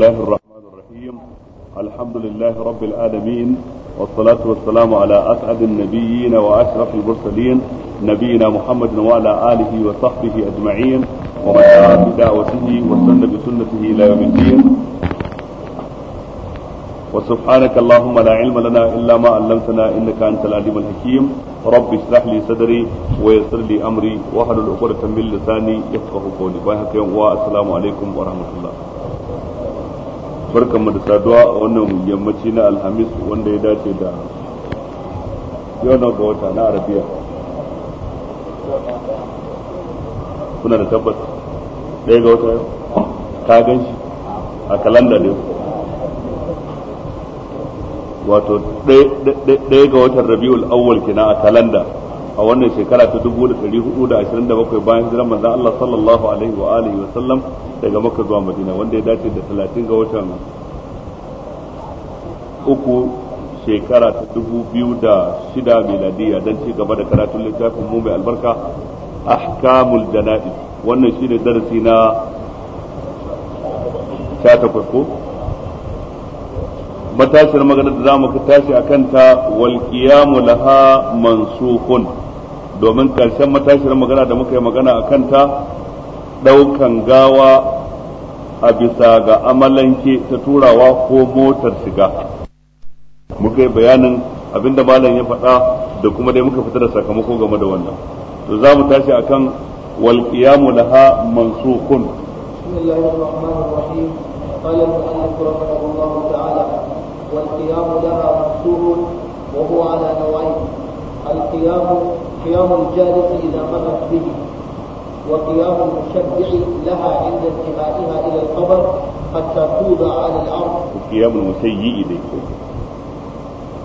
الله الرحمن الرحيم الحمد لله رب العالمين والصلاة والسلام على أسعد النبيين وأشرف المرسلين نبينا محمد وعلى آله وصحبه أجمعين ومن دعا بدعوته وسن بسنته إلى يوم الدين وسبحانك اللهم لا علم لنا إلا ما علمتنا إنك أنت العليم الحكيم رب اشرح لي صدري ويسر لي أمري واحلل عقدة من لساني يفقه قولي السلام عليكم ورحمة الله barkan mu da saduwa a wannan yammaci na alhamis wanda ya dace da yau na ga wata na arabiya kuna da tabbas ɗaya ga wata yau ka gan shi a kalanda ne wato ɗaya ga watan rabi'ul awwal kina a kalanda a wannan shekara ta dubu da da da hudu ashirin bakwai bayan hijiran manzon Allah sallallahu alaihi wa alihi wa sallam daga Makka zuwa Madina wanda ya dace da talatin ga watan uku shekara ta dubu biyu da 2006 miladiya dan ci gaba da karatun littafin mu mai albarka ahkamul janaiz wannan shine darasi na 18 ko matashiyar maganar da za mu tashi a kanta wal qiyamu laha mansukun domin karshen matashiyar magana da muka yi magana a kanta ɗaukan gawa a bisa ga amalanke ta turawa ko motar shiga muka yi bayanin abinda malam ya faɗa da kuma dai muka fita da sakamako game da wannan to za mu tashi akan wal qiyamu laha mansukun bismillahir rahmanir rahim qala القيام قيام الجالس إذا مرت به وقيام المشجع لها عند انتهائها إلى القبر حتى توضع على الأرض وقيام المسيء إليه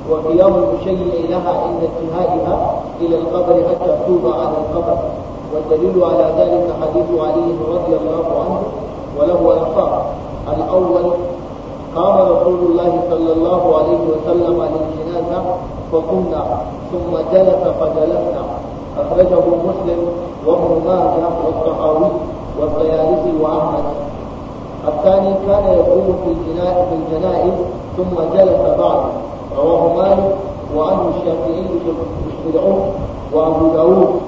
وقيام المشيع لها عند انتهائها إلى القبر حتى توضع على القبر والدليل على ذلك حديث علي رضي الله عنه وله ألفاظ الأول قام رسول الله صلى الله عليه وسلم للجنازة فقمنا ثم جلس فجلسنا أخرجه مسلم وابن ماجه والطحاوي والطيارسي وأحمد الثاني كان يقوم في الجنائز, في الجنائز ثم جلس بعد رواه مالك وعنه الشافعي في العمر وأبو داود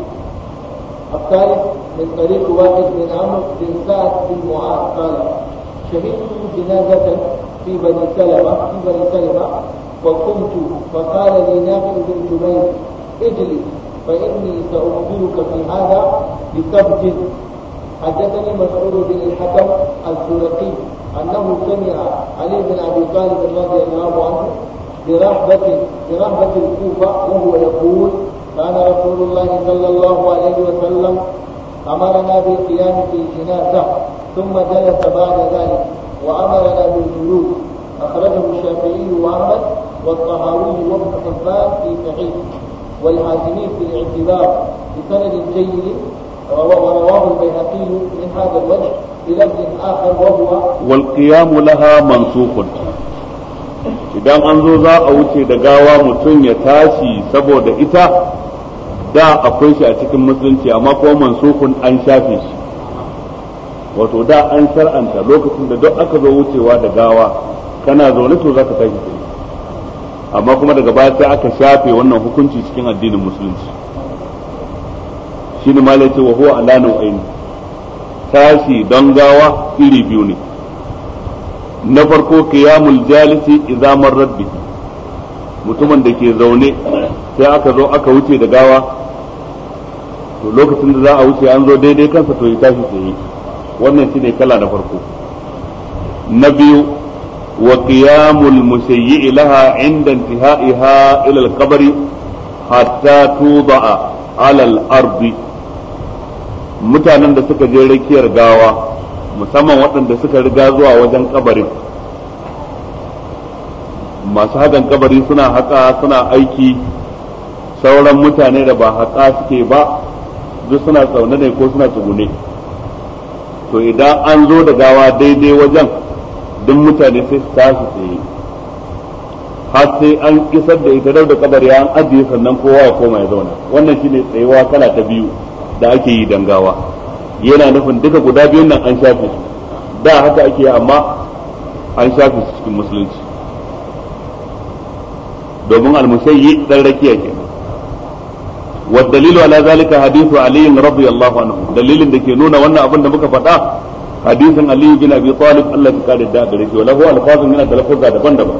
الثالث من طريق واحد بن عمرو بن سعد بن معاذ قال شهدت جنازة في بني سلمة في بني سلمة فقمت فقال لي نافع بن جبير اجلس فإني سأخبرك في هذا بسبب حدثني مسعود بن الحكم الزرقي أنه سمع علي بن أبي طالب رضي الله عنه برهبة برهبة الكوفة وهو يقول كان رسول الله صلى الله عليه وسلم أمرنا بالقيام في جنازة ثم جلس بعد ذلك وأمر بالجلوس أخرجه الشافعي وأحمد والطهاوي وابن حبان في صحيح والحاكمي في الاعتبار بسند جيد ورواه البيهقي من هذا الوجه بلفظ آخر وهو والقيام لها منسوخ idan an zo za a wuce da gawa mutum ya tashi saboda ita da akwai shi a cikin musulunci amma kuma mansukun an shafe shi wato da an shar'anta lokacin da duk aka zo wucewa da gawa kana zaune to zaka tashi tsaye amma kuma daga baya sai aka shafe wannan hukunci cikin addinin musulunci shine malai ce wa huwa ala aini tashi don gawa iri biyu ne na farko qiyamul jalisi idza marrat bihi mutumin da ke zaune sai aka zo aka wuce da gawa to lokacin da za a wuce an zo daidai kansa to ya tashi tsaye wannan shine kala na farko na biyu wa qiyamul musayyi laha inda intihaiha ila al-qabr hatta tuda'a ala al-ard mutanen da suka je rakiyar gawa musamman waɗanda suka riga zuwa wajen kabarin masu hakan kabari suna haka suna aiki sauran mutane da ba haka suke ba duk suna tsaune ne ko suna tsugune to idan an zo da gawa daidai wajen duk mutane sai su tashi tsaye har sai an kisar da ita da kabari an ajiye sannan kowa ya koma ya zauna wannan shine tsayuwa kala ta biyu da ake yi dangawa yana nufin duka guda biyun nan an shafe su da haka ake yi amma an shafe su cikin musulunci domin almusayyi dan rakiya ke wa dalilu ala zalika hadithu ali radiyallahu anhu dalilin da ke nuna wannan abin da muka faɗa hadisin ali bin abi talib Allah ya da gare shi yana da lafuzza daban-daban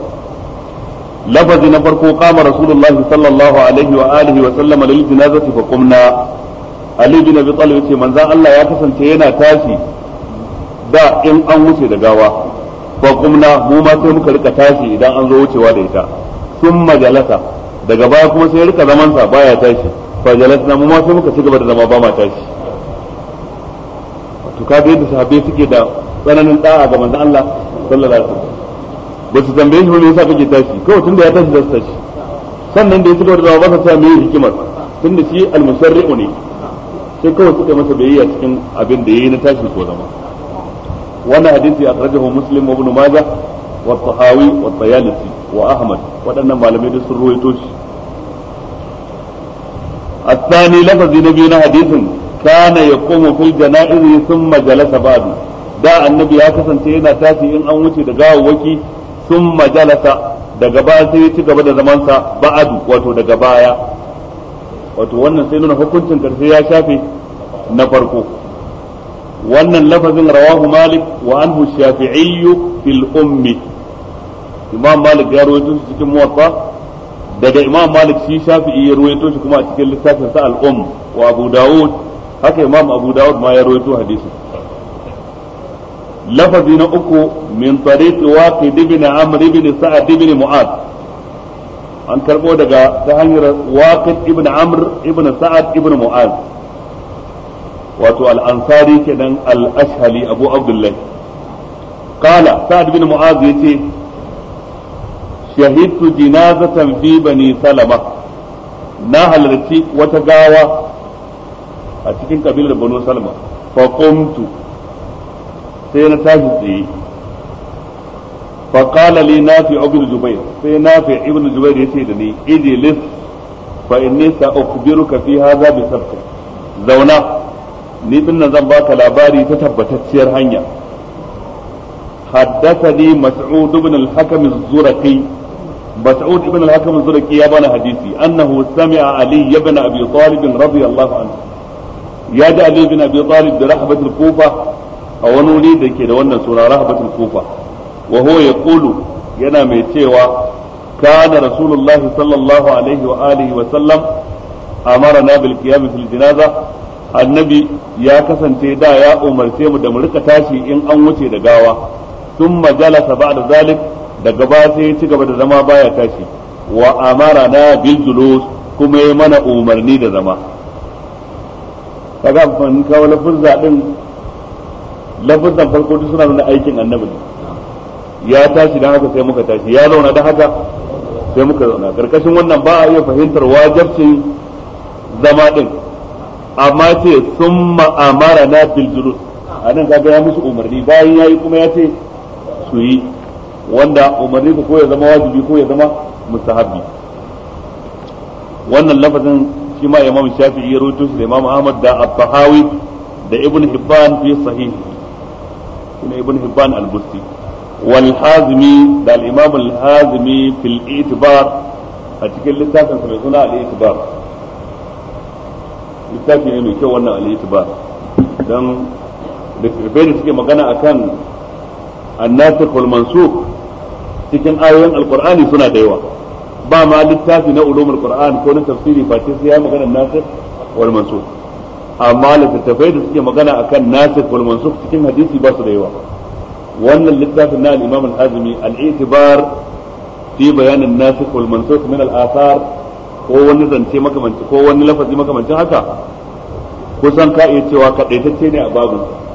lafazi na farko qama rasulullahi sallallahu alaihi wa alihi wa sallama lil janazati fa qumna ali bin abi talib yace manzon Allah ya kasance yana tashi da in an wuce da gawa fa mu ma sai muka rika tashi idan an zo wucewa da ita sun majalasa daga baya kuma sai rika zaman sa baya tashi fajalasna mu ma sai muka ci gaba da zama ba ma tashi to kaga yadda sahabbai suke da tsananin da'a ga manzon Allah sallallahu alaihi wasallam ba su tambaye shi me yasa kake tashi kawai tunda ya tashi zai tashi sannan da ya cigaba da zama ba sa ta me hikimar tunda shi al musarriu ne sai kawai suka masa bayyana cikin abin da yayi na tashi ko zama wannan hadisi akhrajahu muslim wa ibn majah wa tahawi wa tayalisi wa ahmad waɗannan malamai da sun ruwaito shi الثاني لفظ نبينا حديث كان يقوم في الجنائز ثم جلس بعد da annabi ya kasance yana tashi in an wuce da gawawwaki sun majalasa daga baya sai ya ci gaba da zamansa ba'adu wato daga baya wato wannan sai nuna hukuncin karshe ya shafe na farko wannan lafazin rawahu malik wa anhu shafi'iyyu fil ummi imam malik ya rawaito cikin muwatta daga imam malik shi shafi'i ya ruwaito shi kuma a cikin littafin sa al-um wa abu dawud haka imam abu dawud ma ya ruwaito hadisin lafazi na uku min tariqi waqid ibn amr ibn sa'ad ibn mu'ad an karbo daga ta hanyar waqid ibn amr ibn sa'ad ibn mu'ad wato al-ansari kenan al-ashhali abu abdullah qala sa'ad ibn mu'ad yace shahidtu jinazatan fi bani salama na halarci wata gawa a cikin kabilar banu salama fa qumtu sai na tashi tsaye fa qala li nafi ibn jubair sai nafi ibn jubair yace da ni idlis fa inni sa'ukhbiruka fi zauna ni zan baka labari ta tabbatacciyar hanya حدثني مسعود بن الحكم الزرقي مسعود بن الحكم الزرقي يا بنا حديثي أنه سمع علي بن أبي طالب رضي الله عنه يا دا علي بن أبي طالب برحبة الكوفة أو نولي دكي دوانا سورة رحبة الكوفة وهو يقول ينا ميتيوا كان رسول الله صلى الله عليه وآله وسلم أمرنا بالقيام في الجنازة annabi ya kasance da ya umarce mu da mu rika tashi in an wuce da gawa sun majalasa ba da zalik daga ba sai ci gaba da zama baya tashi wa amarana bil julus kuma ya mana umarni da zama kaga amfani kawo lafuzza din lafuzzan farko duk suna nuna aikin annabi ya tashi dan haka sai muka tashi ya zauna dan haka sai muka zauna karkashin wannan ba a iya fahimtar wajibcin zama din amma ce summa na bil julus anan kaga ya musu umarni bayan yayi kuma ya ce su yi wanda umarni ka ko ya zama wajibi ko ya zama mustahabi wannan lafazin shi ma imam shafi'i ya rawaito shi da imam ahmad da abbahawi da ibn hibban fi sahihi kuma ibn hibban al-busti wal hazmi da al-imam al-hazmi fil itibar a cikin littafin sa mai suna al-itibar littafi ne mai kyau wannan al-itibar dan da da suke magana akan annasikh wal mansukh cikin ayoyin alkur'ani suna da yawa ba ma littafi na ulumul alkur'an ko na tafsiri ba sai ya magana nasir wal mansukh amma littattafai da suke magana akan nasir wal mansukh cikin hadisi ba su da yawa wannan littafin na al-imam al-azmi al-i'tibar fi bayan an-nasikh wal mansukh min al-athar ko wani zance makamanci ko wani lafazi makamancin haka kusan ka iya cewa kadaitacce ne a babinsa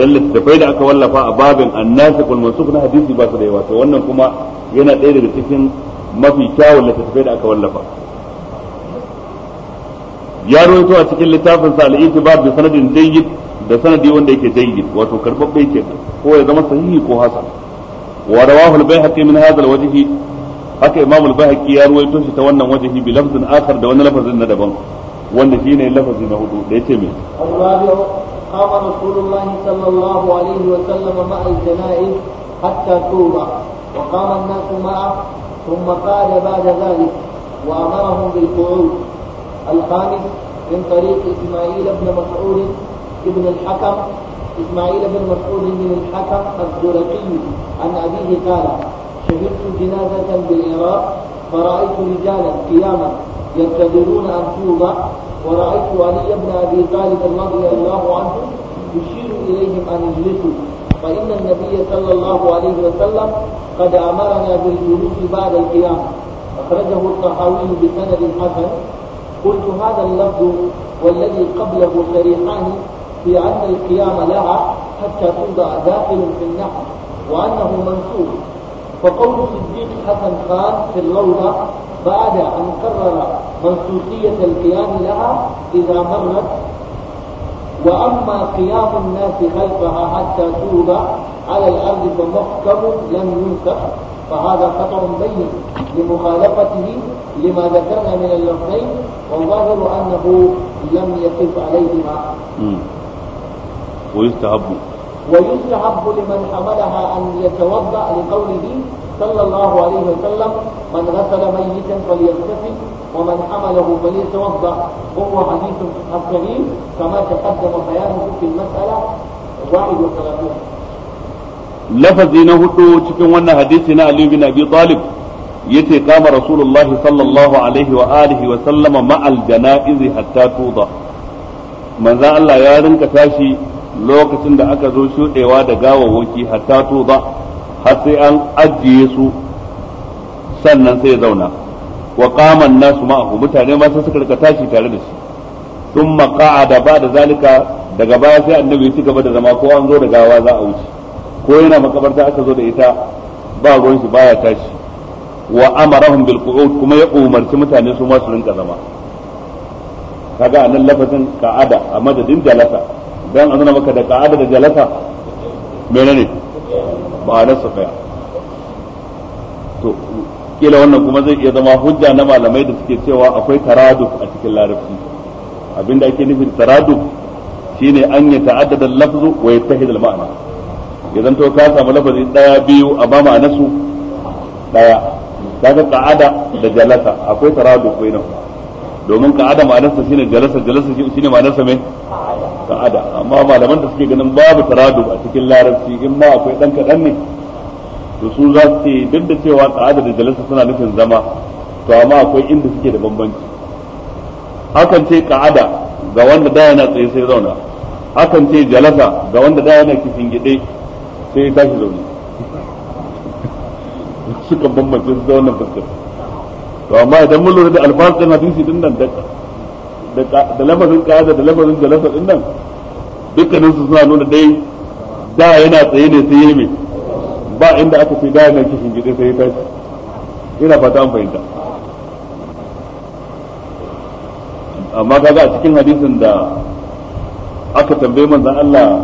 dan littattafai da aka wallafa a babin annasiqul mansukh na hadisi ba su da yawa to wannan kuma yana ɗaya daga cikin mafi kyawun littattafai da aka wallafa ya rawaito a cikin littafin sa al-itibar bi sanadin jayyid da sanadi wanda yake jayyid wato karbabbe kenan ko ya zama sahihi ko hasan wa rawahu al-baihaqi min hadha al-wajhi haka imam al-baihaqi ya rawaito shi ta wannan wajhi bi lafzin akhar da wani lafazin na daban wanda shine lafazi na hudu da yace me قام رسول الله صلى الله عليه وسلم مع الجنائز حتى توضع وقام الناس معه ثم قال بعد ذلك وامرهم بالقعود الخامس من طريق اسماعيل بن مسعود بن الحكم اسماعيل بن مسعود بن الحكم الزرقي عن ابيه قال شهدت جنازه بالعراق فرايت رجالا قياما ينتظرون أن توضع ورأيت علي بن أبي طالب رضي الله عنه يشير إليهم أن يجلسوا فإن النبي صلى الله عليه وسلم قد أمرنا بالجلوس بعد القيام أخرجه الطحاوي بسند حسن قلت هذا اللفظ والذي قبله شريحان في أن القيام لها حتى توضع داخل في النحو وأنه منسوخ فقول الصديق حسن خان في اللوحة بعد أن قرر منسوخية القيام لها إذا مرت وأما قيام الناس خلفها حتى توضع على الأرض فمحكم لم ينكر فهذا خطر بين لمخالفته لما ذكرنا من اللفظين والظاهر أنه لم يقف عليهما ويستحب ويستحب لمن حملها ان يتوضا لقوله صلى الله عليه وسلم من غسل ميتا فليغتسل ومن حمله فليتوضا وهو حديث الكريم كما تقدم بيانه في المساله واحد وثلاثون لفظي نهدو تكون حديثنا علي بن ابي طالب yace kama rasulullahi sallallahu alaihi wa alihi wa sallama ma'al janaizi hatta tuda manzo Allah ya rinka lokacin da aka zo shuɗewa da gawawoki hatta to ba har sai an ajiye su sannan sai ya zauna wa qaman nasu ma'ahu mutane ma sai suka rika tashi tare da shi thumma qa'ada bada zalika daga baya sai annabi ya ci gaba da zama ko an zo da gawa za a wuce ko yana makabarta aka zo da ita ba ruwan shi baya tashi wa amarahum bil qu'ud kuma ya umarci mutane su ma su rinka zama kaga anan lafazin ka'ada a madadin jalasa dan an maka da ka'ada da jalasa menene ba na su kaya to kila wannan kuma zai iya zama hujja na malamai da suke cewa akwai taraduf a cikin larabci abinda ake nufin taraduf shine an ya ta'addada lafzu wa yattahid al-ma'na idan to ka samu lafazi daya biyu a ba ma'ana daya kaga ka'ada da jalasa akwai taraduf bainahu domin ka'ada ma'anarsa shine jalasa jalasa shine ma'anarsa mai ka'ada amma malaman da suke ganin babu taradu a cikin larabci in ma akwai dan kadan ne to su za su ce duk da cewa ka'ada da jalasa suna nufin zama to amma akwai inda suke da bambanci akan ce ka'ada ga wanda da yana tsaye sai zauna akan ce jalasa ga wanda da yana kifin gide sai ya tashi zaune suka bambance su da wannan fuskar to amma idan mun lura da alfaz din hadisi din nan da da lamarin qada da lafazin jalasa din nan dukkanin su suna nuna dai da yana tsaye ne sai yayi ba inda aka fi da yana kishin gidi sai ta tashi ina fata an fahimta amma kaga a cikin hadisin da aka tambaye manzon Allah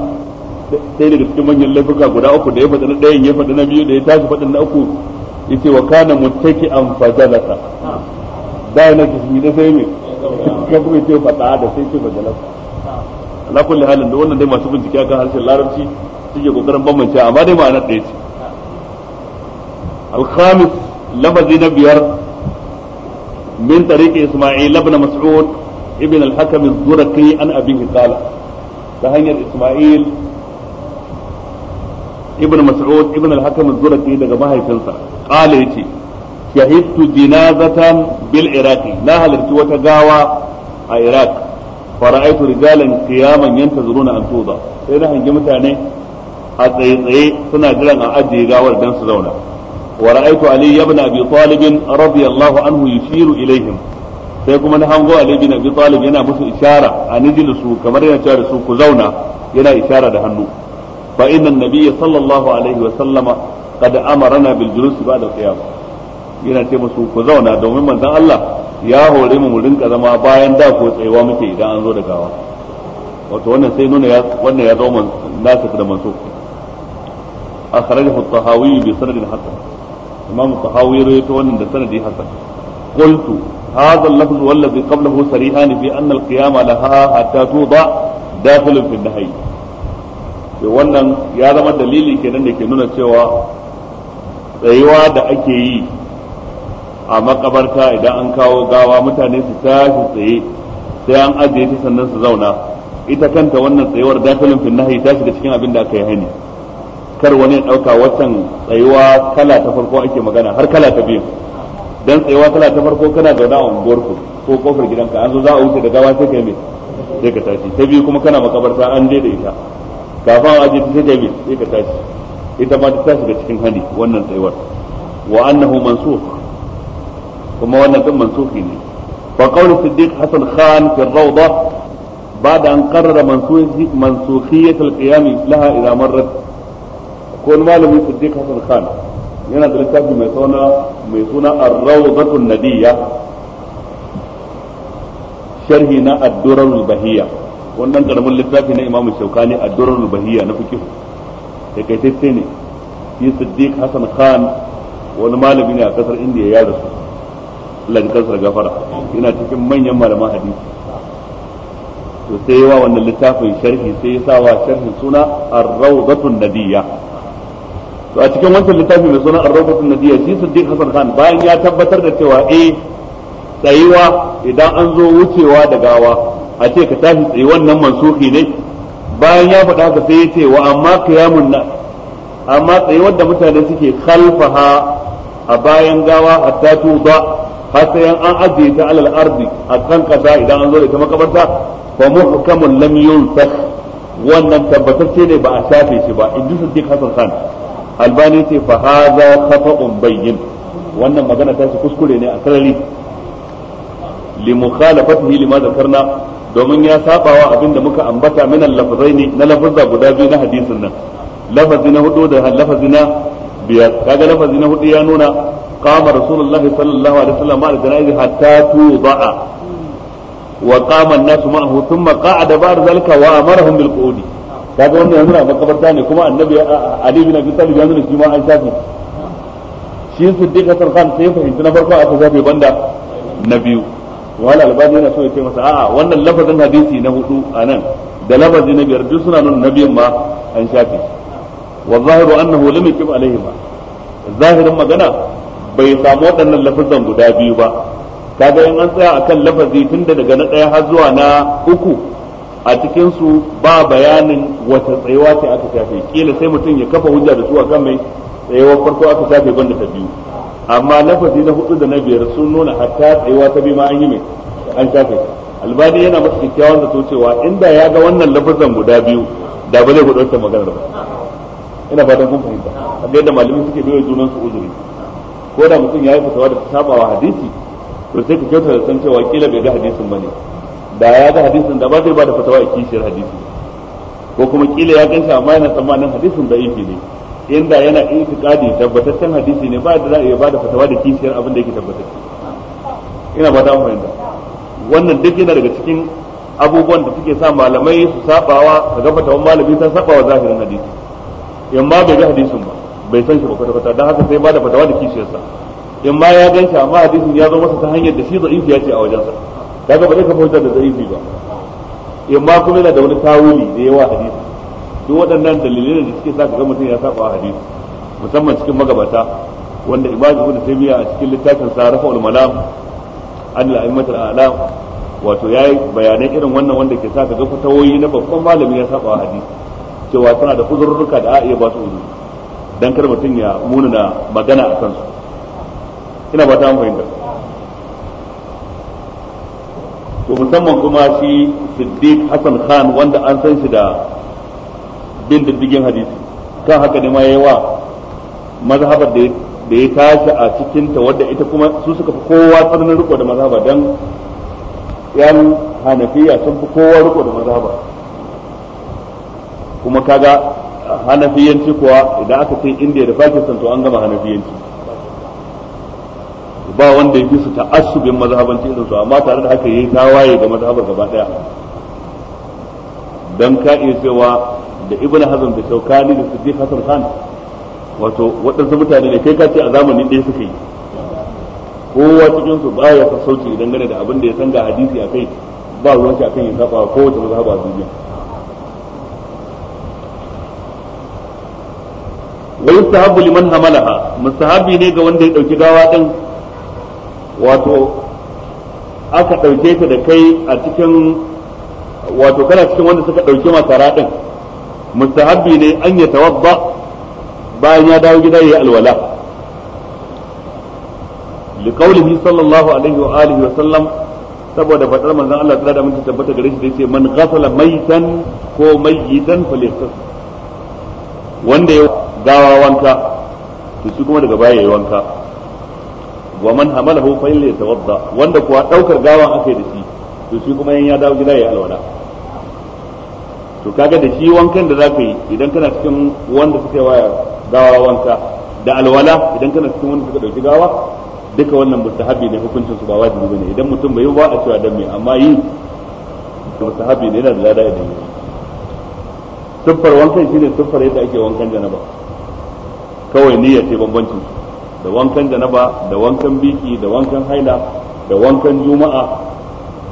sai daga cikin manyan laifuka guda uku da ya faɗi na ɗayan ya faɗi na biyu da ya tashi faɗin na uku yace wa kana muttaki an fajalasa da da sai me ka kuma ce da sai ce ala kulli halin da wannan dai masu bincike akan harshen larabci suke kokarin bambance amma dai ma'anar lafazi na biyar min tariqi isma'il mas'ud ibn al-hakim az-zurqi an ta hanyar isma'il ibn mas'ud ibn al-hakam az-zurqi daga mahaifinsa qala yace shahidtu jinazatan bil iraqi na halarci wata gawa a iraq fara'aitu rijalan qiyaman yantazuruna an tuda sai na hangi mutane a tsaye-tsaye suna jiran a ajiye gawar dan su zauna wa ra'aitu ali ibn abi talib radiyallahu anhu yushiru ilaihim sai kuma na hango ali ibn abi talib yana musu ishara a su kamar yana cewa da su ku zauna yana ishara da hannu fa inna nabiyya sallallahu alaihi wa sallama qad amarna bil julus ba'da yana ce musu ku zauna domin manzon Allah ya hore mu mu rinka zama bayan da ko tsayawa muke idan an zo da gawa wato wannan sai nuna ya wannan ya zama nasu da mansu akhrajahu tahawi bi sanadin hasan imam at-tahawi rawaito wannan da sanadi hasan qultu هذا اللفظ والذي قبله صريحان في أن القيام لها حتى توضع داخل في النهي to wannan ya zama dalili kenan da ke nuna cewa tsayuwa da ake yi a makabarta idan an kawo gawa mutane su tashi tsaye sai an ajiye ta sannan su zauna ita kanta wannan tsayuwar dakilin finnahi ta shiga cikin abin da aka yi hani kar wani ya ɗauka waccan tsayuwa kala ta farko ake magana har kala ta biyu dan tsayuwa kala ta farko kana zaune a unguwarku ko kofar gidanka an zo za a wuce da gawa sai kai me sai ka tashi ta biyu kuma kana makabarta an je da ita kafin a jin ta jami sai ka tashi ita ma ta tashi ga cikin hani wannan tsayuwar wa annahu mansukh kuma wannan din mansukhi ne fa qawl siddiq hasan khan fi rawda بعد أن قرر منسوخية القيام لها إذا مرت كون معلم صديق حسن خان yana da littafi mai suna mai suna ar-rawdatun nadiyya sharhi ad-durar bahiyya wannan karamin littafi na imamu shaukani a durrul bahiya na fiqh da kai sai ne shi siddiq hasan khan wani malami ne a kasar indiya ya rasu Allah ya kasar gafara yana cikin manyan malaman hadisi to sai yawa wannan littafin sharhi sai ya sawa sharhin suna ar-rawdatun nadiyya to a cikin wancan littafi mai suna ar-rawdatun nadiyya shi siddiq hasan khan bayan ya tabbatar da cewa eh tsayuwa idan an zo wucewa da gawa a ce ka tashi tsaye wannan mansuhi ne bayan ya faɗa haka sai ya ce wa amma qiyamun na amma tsaye wanda mutane suke khalfaha a bayan gawa hatta tuba har sai an ajiye ta alal ardi a kasa idan an zo da ita makabarta fa muhkamun lam yunsakh wannan tabbatacce ne ba a shafe shi ba in ji sadiq hasan khan albani ce fa hadha khata'un bayyin wannan magana ta shi kuskure ne a sarari li mukhalafatihi lima zakarna domin ya sabawa abin da muka ambata min al-lafzaini na lafazza guda biyu na hadisin nan lafazi na hudu da lafazi na biyar kaga lafazi na hudu ya nuna qama rasulullah sallallahu alaihi wasallam ma al-janaiz hatta tuba'a wa qama an-nas ma'ahu thumma qa'ada ba'da zalika wa amarahum bil qu'udi kaga wannan yana makabarta ne kuma annabi ali bin abi talib ya nuna shi ma an shafi shi siddiq hasan khan sai fahimci na farko aka zabe banda na biyu wani albani yana so ya ce masa a'a wannan lafazin hadisi na hudu a nan da lafazi na biyar duk suna nuna biyan ma an shafe wa zahiru annahu lam yakib alaihi ma zahirin magana bai samu waɗannan lafazan guda biyu ba kaga in an tsaya akan lafazi da daga na ɗaya har zuwa na uku a cikin su ba bayanin wata tsayuwa ce aka shafe kila sai mutum ya kafa hujja da su akan mai tsayuwar farko aka shafe banda ta biyu amma lafazi na hudu da na biyar sun nuna hatta tsayuwa ta bi ma an yi mai an shafe albani yana masu kyakkyawan da cewa inda ya ga wannan lafazan guda biyu da ba zai gudu wata maganar ba ina fatan kun fahimta a ga yadda malamin suke biyo junan su uzuri ko da mutum ya yi fasawa da sabawa hadisi to sai ka kyauta da san cewa kila bai ga hadisin ba ne da ya ga hadisin da ba zai ba da fatawa a kishiyar hadisi ko kuma kila ya ganshi amma yana tsammanin hadisin da yake ne inda yana itiqadi tabbataccen hadisi ne ba da za a ba bada fatawa da kishiyar abin da yake tabbatacce ina ba ta fahimta wannan duk yana daga cikin abubuwan da suke sa malamai su sabawa ga fatawan malami ta sabawa zahirin hadisi in ma bai ga hadisin ba bai san shi ba kwata kwata haka sai ba da fatawa da sa in ma ya ganshi amma hadisin ya zo masa ta hanyar da shi da'ifi ya ce a wajensa kaga ba zai ka fahimta da da'ifi ba in ma kuma yana da wani tawuli da yawa hadisi duk waɗannan dalilai da suke sa ga mutum ya saba hadisi musamman cikin magabata wanda imamu ibnu taymiya a cikin littafin sa rafa'ul malam an al wato yayi bayanai irin wannan wanda ke sa ga fatawoyi na babban malami ya saba hadisi cewa suna da uzurruka da a iya ba su uzuri dan kar mutum ya munana magana a kansu ina ba ta fahimta to musamman kuma shi Siddiq Hassan Khan wanda an san shi da bin diddigin hadisi kan haka ne ma yayi wa mazhabar da da ya tashi a cikin ta wadda ita kuma su suka fi kowa tsananin riko da mazhaba dan yan hanafiya sun fi kowa riko da mazhaba kuma kaga hanafiyanci kuwa idan aka ce indiya da pakistan to an gama hanafiyanci ba wanda ya fi su ta'assubin mazhabanci irin su amma tare da haka yayi tawaye ga mazhabar gaba daya dan ka iya cewa da ibn hazm da shaukani da siddiq hasan khan wato waɗansu mutane ne kai ka ce a zamanin ɗaya suka yi kowa cikin su baya ka sauki idan gane da abin da ya san ga hadisi akai ba ruwan shi akan ya saba wata mazhaba a duniya wa yustahabu liman hamalaha musahabi ne ga wanda ya dauki gawa din wato aka dauke ta da kai a cikin wato kana cikin wanda suka dauki masara din mustahabbi ne an ya tawadda bayan ya dawo gida yayi alwala li qawlihi sallallahu alaihi wa alihi wa sallam saboda fadar manzon Allah tsara da mun tabbata gare shi da yace man ghasala maitan ko mayyitan falyaghtas wanda ya gawa wanka to shi kuma daga baya yayi wanka wa man hamalahu fa yatawadda wanda kuwa daukar gawan akai da shi to shi kuma yan ya dawo gida yayi alwala to kaga da shi wankan da zaka yi idan kana cikin wanda suka waya gawa wanka da alwala idan kana cikin wanda suka dauki gawa duka wannan mustahabi ne hukuncin su ba wajibi bane idan mutum bai yi ba a cewa dan me amma yi mustahabi ne yana da lada idan yi siffar wankan shine siffar yadda ake wankan janaba kawai niyya ce bambancin da wankan janaba da wankan biki da wankan haila da wankan juma'a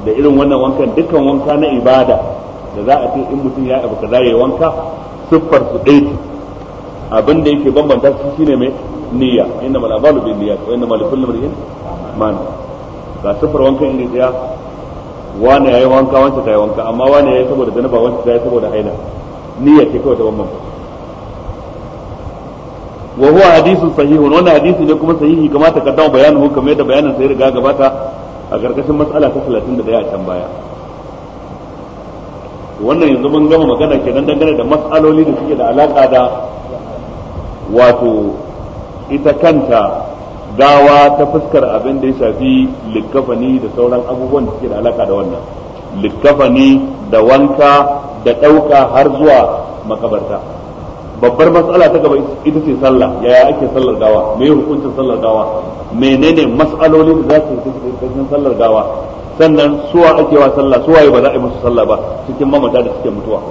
da irin wannan wankan dukkan wanka na ibada da za a ce in mutum ya abu kaza yayi wanka siffar su ɗaya abin da yake bambanta su shine mai niyya inna mal amalu bin niyyat wa inna mal kullu mar'in man ga siffar wankan inda ya wani yayi wanka wanda ta yi wanka amma wani yayi saboda zanaba wanda ta yi saboda haila niyya ce kawai ta bambanta wa huwa hadithun sahihun wannan hadisi ne kuma sahihi kamar ta kaddama bayanin kamar da bayanin sai riga gabata a karkashin matsala ta 31 a can baya wannan yanzu mun gama magana kenan dangane da matsaloli da suke da alaka da wato ita kanta gawa ta fuskar abin da ya shafi likkafani da sauran abubuwan da suke da alaka da wannan likkafani da wanka da ɗauka har zuwa makabarta babbar matsala ta gaba ita ce sallah yaya ake sallar gawa me hukuncin sallar gawa menene matsalolin da za su yi cikin sallar gawa sannan suwa ake wa sallah suwaye ba za a yi musu sallah ba cikin mamata da suke mutuwa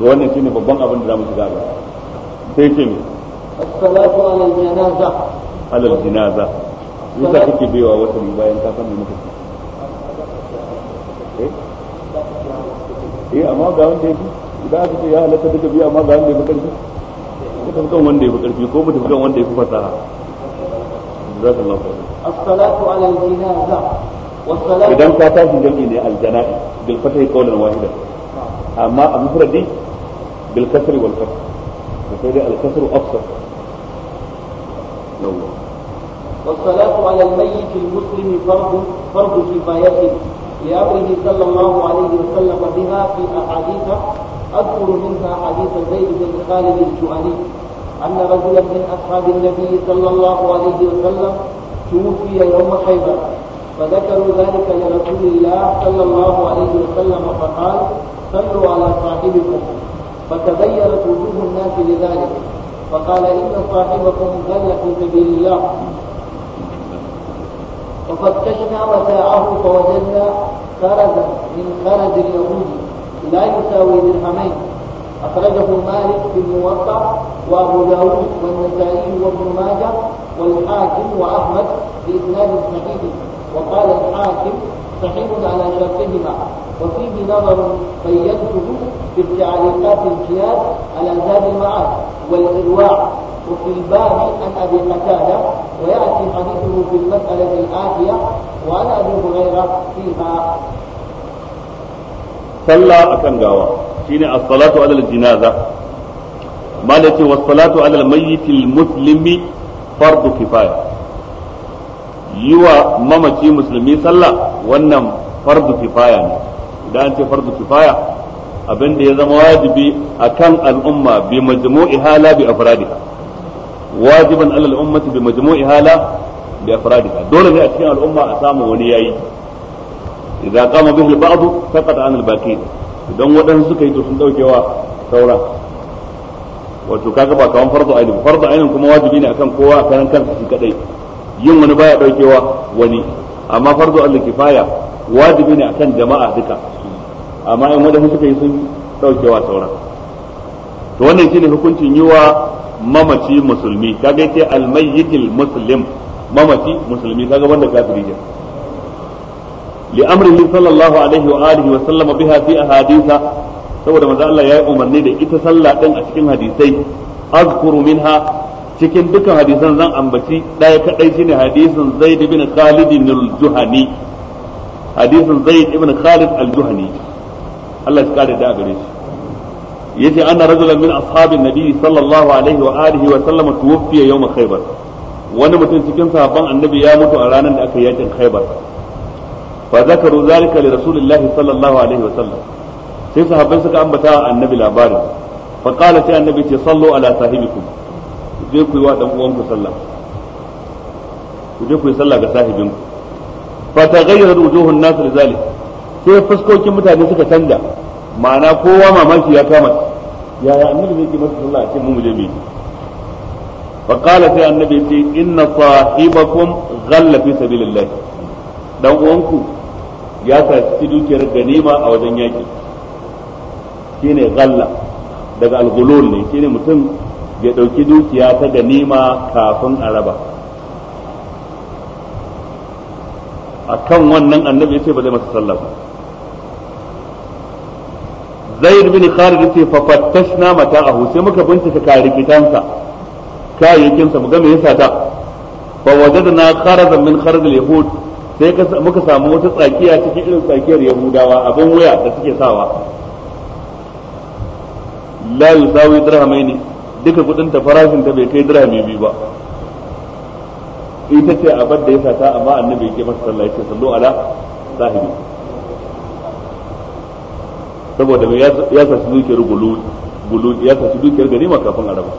to wannan shine babban abin da za mu shiga ba sai ce mi as-salatu ala al-janaza ala al-janaza yasa kike bewa wata mai bayan ka san me muka eh eh amma ga wanda yake idan aka ce ya halatta duka biya amma ga wanda yake karfi ko kan wanda yake karfi ko mutum kan wanda yake fasaha jazakallahu khairan as-salatu ala al-janaza idan ka tashi jami'i ne aljana'i bil fathi qawlan wahidan amma a mufradi bil kasri wal fath sai dai al kasru afsar yawwa والصلاة على الميت المسلم فرض فرض كفايته لأمره صلى الله عليه وسلم بها في أحاديث أذكر منها حديث زيد بن خالد الجؤلي أن رجلا من أصحاب النبي صلى الله عليه وسلم توفي يوم خيبر فذكروا ذلك لرسول الله صلى الله عليه وسلم فقال صلوا على صاحبكم فتبينت وجوه الناس لذلك فقال إن صاحبكم ضل في سبيل الله وفتشنا متاعه فوجدنا خرزا من خرز اليهود لا يساوي درهمين أخرجه مالك في الموقع وأبو داود والنسائي وابن ماجه والحاكم وأحمد بإسناد صحيح وقال الحاكم صحيح على شرطهما وفيه نظر قيدته في التعليقات الجهاد على زاد المعاد والإرواع وفي الباب عن أبي قتادة ويأتي حديثه في المسألة الآتية وعن أبي هريرة فيها صلى أكن غاوة الصلاة على الجنازة ما والصلاة على الميت المسلم فرض كفاية yi wa mamaci musulmi sallah wannan fardu kifaya ne idan an ce fardu kifaya abin da ya zama wajibi akan al'umma bi majmu'i hala bi afradiha wajiban alal ummati bi majmu'i hala bi afradiha dole ne a cikin al'umma a samu wani yayi idan kama bihi al-ba'd faqad an al-baqi idan waɗansu suka yi to sun daukewa sauran wato kaga ba kawan fardu ainin fardu ainin kuma wajibi ne akan kowa karan kansa shi kadai yin wani baya daukewa wani amma fardu al kifaya wajibi ne akan jama'a duka amma in wanda suka yi sun daukewa sauran to wannan shine hukuncin yi wa mamaci musulmi kaga yace al mayyitil muslim mamaci musulmi kaga wanda kafiri ne لأمره صلى الله عليه وآله وسلم بها في أحاديث saboda manzo Allah ya yi umarni da ita sallah din a cikin hadisai azkuru minha cikin dukkan hadisan zan ambaci ɗaya kaɗai shine hadisin zaid ibn khalid al-juhani hadisin zaid ibn khalid al-juhani Allah ya kare da gare shi yace anna rajulan min ashabin nabi sallallahu alaihi wa alihi wa sallama tuwfiya yawm khaybar wani mutum cikin sahabban annabi ya mutu a ranar da aka yakin khaybar fa zakaru zalika li Rasulillah sallallahu alaihi wa sallam sai sahabbai suka ambata annabi labarin fa qala sai annabi ce sallu ala sahibikum je ku yi wa dan uwanku sallah ku je ku yi sallah ga sahibin ku fa taghayyara wujuhun nas lizalik sai fuskokin mutane suka canja ma'ana kowa mamaki ya kama ya annabi zai ki masa sallah a ce mu mu je mu fa qala sai annabi ce inna sahibakum ghalla fi sabilillah dan uwanku ya saci dukiyar ganima a wajen yaki shine ghalla daga al ne shine mutum ya ɗauki dukiya ta ganima kafin a raba a kan wannan annabi ya ce ba zai masa sallah ba zaid bin khalid ya ce fa fattashna mata'ahu sai muka bincika karikitansa kayayyakinsa mu ga me yasa da fa wajadna kharazan min kharaj al-yahud sai muka samu wata tsakiya cikin irin tsakiyar yahudawa abin wuya da suke sawa la yusawi dirhamaini duka kudin ta farashin ta bai kai mai biyu ba ita ce abin da ya sata amma annabi ke masa sallah yace sallu ala sahibi saboda ya su dukiyar gulu ya sace dukiyar ma kafin araba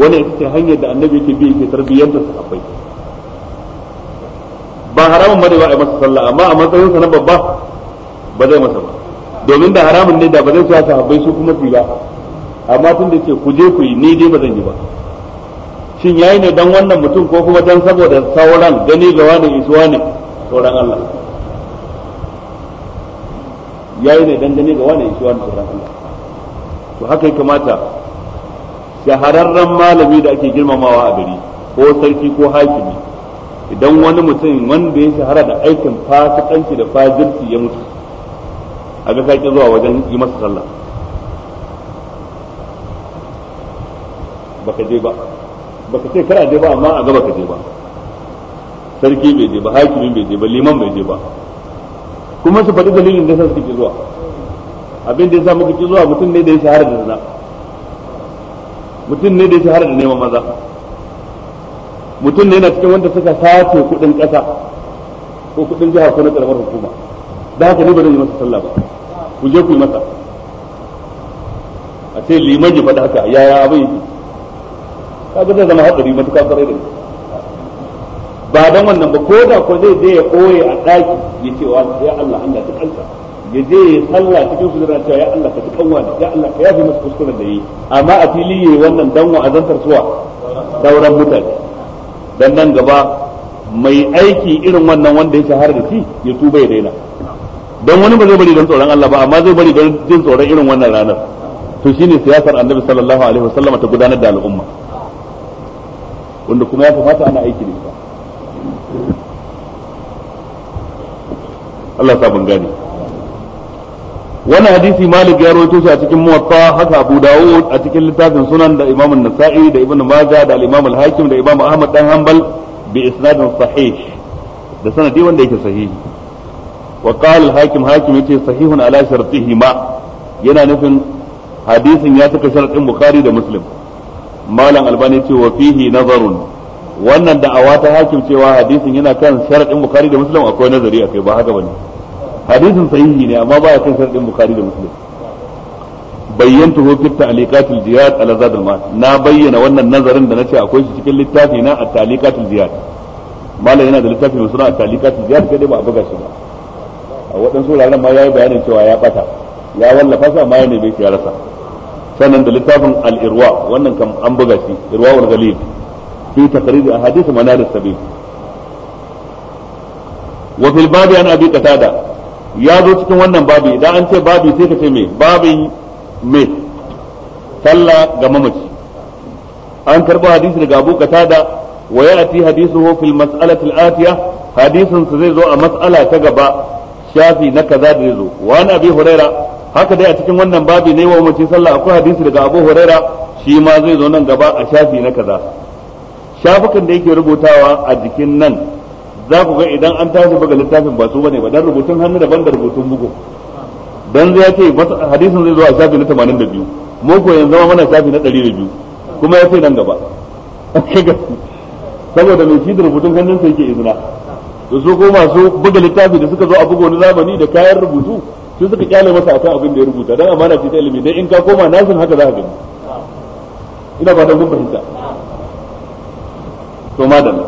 wani ita ce hanyar da annabi ke bi ke tarbiyyanta sahabbai ba haramun bane ba a yi masa sallah amma a matsayin sa na babba ba zai masa ba domin da haramun ne da ba zai sa sahabbai su kuma su ba amma tun da yake ku je ku yi ni dai ba zan yi ba shin yayi ne dan wannan mutum ko kuma dan saboda sauran gani ga wani isuwa ne sauran Allah yayi ne dan gani ga wani isuwa ne sauran Allah to haka ya kamata shahararren malami da ake girmamawa a gari ko sarki ko hakimi idan wani mutum wanda ya shahara da aikin fasikanci da fajirci ya mutu a ga sake zuwa wajen yi masa sallah baka je ba baka ce kana je ba amma a gaba ka je ba sarki bai je ba hakimin bai je ba liman bai je ba kuma su faɗi dalilin da suke zuwa abin da ya sa muka ki zuwa mutum ne da ya shahara da zina mutum ne da ya shahara da neman maza mutum ne na cikin wanda suka sace kuɗin ƙasa ko kuɗin jihar ko na ƙaramar hukuma da haka ne ba zan yi masa sallah ba ku je ku yi masa a ce liman ya faɗi haka yaya abin yake kaga zai zama hadari matuƙa kwarai da ba dan wannan ba ko da ko zai je ya koye a daki ya ce wa ya Allah Allah ta kanka ya je ya sallah cikin su zira cewa ya Allah ka tukan wani ya Allah ka yafi masa kuskuren da yi amma a fili yayi wannan dan azantar suwa sauran mutane dan nan gaba mai aiki irin wannan wanda ya shahara da shi ya tuba ya daina don wani ba zai bari don tsoron Allah ba amma zai bari don jin tsoron irin wannan ranar to shine siyasar annabi sallallahu alaihi wasallam ta gudanar da al'umma wanda kuma ya kamata ana aiki da ita Allah sabon gani. gane wannan hadisi Malik ya rawaito shi a cikin Muwatta haka Abu Dawud a cikin littafin Sunan da Imam nasai da Ibn Majah da Imam Al-Hakim da Imam Ahmad dan Hanbal bi isnadin sahih da sanadi wanda yake sahihi wa qala al-Hakim Hakim yace sahihun ala shartihi ma yana nufin hadisin ya cika sharadin Bukhari da Muslim malam albani ce wa fihi nazarun wannan da'awa ta hakim cewa hadisin yana kan sharadin bukhari da muslim akwai nazari akai ba haka bane hadisin sahihi ne amma baya kan sharadin bukhari da muslim bayyantuhu fi ta'liqatil jihad ala zadul al na bayyana wannan nazarin da nace akwai shi cikin littafi na at-ta'liqatil jihad malam yana da littafi mai suna at-ta'liqatil jihad kai dai ba a buga shi ba a waɗansu wuraren ma yayi bayanin cewa ya bata ya wallafa sa ma ya ne bai ya rasa sannan da littafin al-irwa wannan kam an buga shi irwa wal ghalib fi taqrir ahadith manar sabil wa fil babi an abi qatada ya zo cikin wannan babi idan an ce babi sai ka ce me babin me sallah ga mamaci an karbo hadisi daga Abu Qatada wa ya'ti hadithuhu fil mas'alati al-atiya hadisin sa zai zo a mas'ala ta gaba shafi na kaza da zai zo wa an abi huraira haka dai a cikin wannan babi ne wa umarci sallah akwai hadisi daga Abu Huraira shi ma zai zo nan gaba a shafi na kaza shafukan da yake rubutawa a jikin nan za ku ga idan an tashi buga littafin ba su bane ba dan rubutun hannu daban da rubutun bugu dan zai ce hadisin zai zo a shafi na 82 mu ko yanzu zama mana shafi na 102 kuma ya ce nan gaba saboda mai shi da rubutun hannun sai yake izina to su ko masu buga littafi da suka zo a bugo na zamani da kayan rubutu sun suka kyale masa akan abin da ya rubuta dan amana ce ta ilimi dai in ka koma nasin haka za ka gani ina ba da mun fahimta to madalla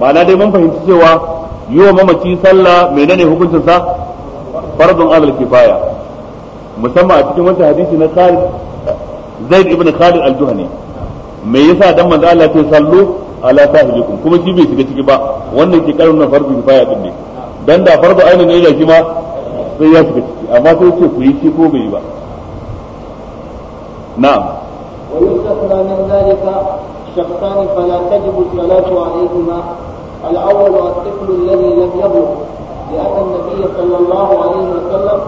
ma'ana dai mun fahimci cewa yi wa mamaci sallah menene hukuncin sa farzun alal kifaya musamman a cikin wancan hadisi na Khalid Zaid ibn Khalid al-Juhani me yasa dan manzo Allah ya sallu ala sahibikum kuma shi bai shiga ciki ba wannan ke karin na fardu kifaya din ne dan da fardu ainihin ne da shi ma sai ya shiga ciki amma sai ce ku yi shi ko bai yi ba na'am wa yustasna min zalika shaqqan fala tajibu salatu alayhima al-awwal at-tifl alladhi lam yablugh لأن النبي صلى الله عليه وسلم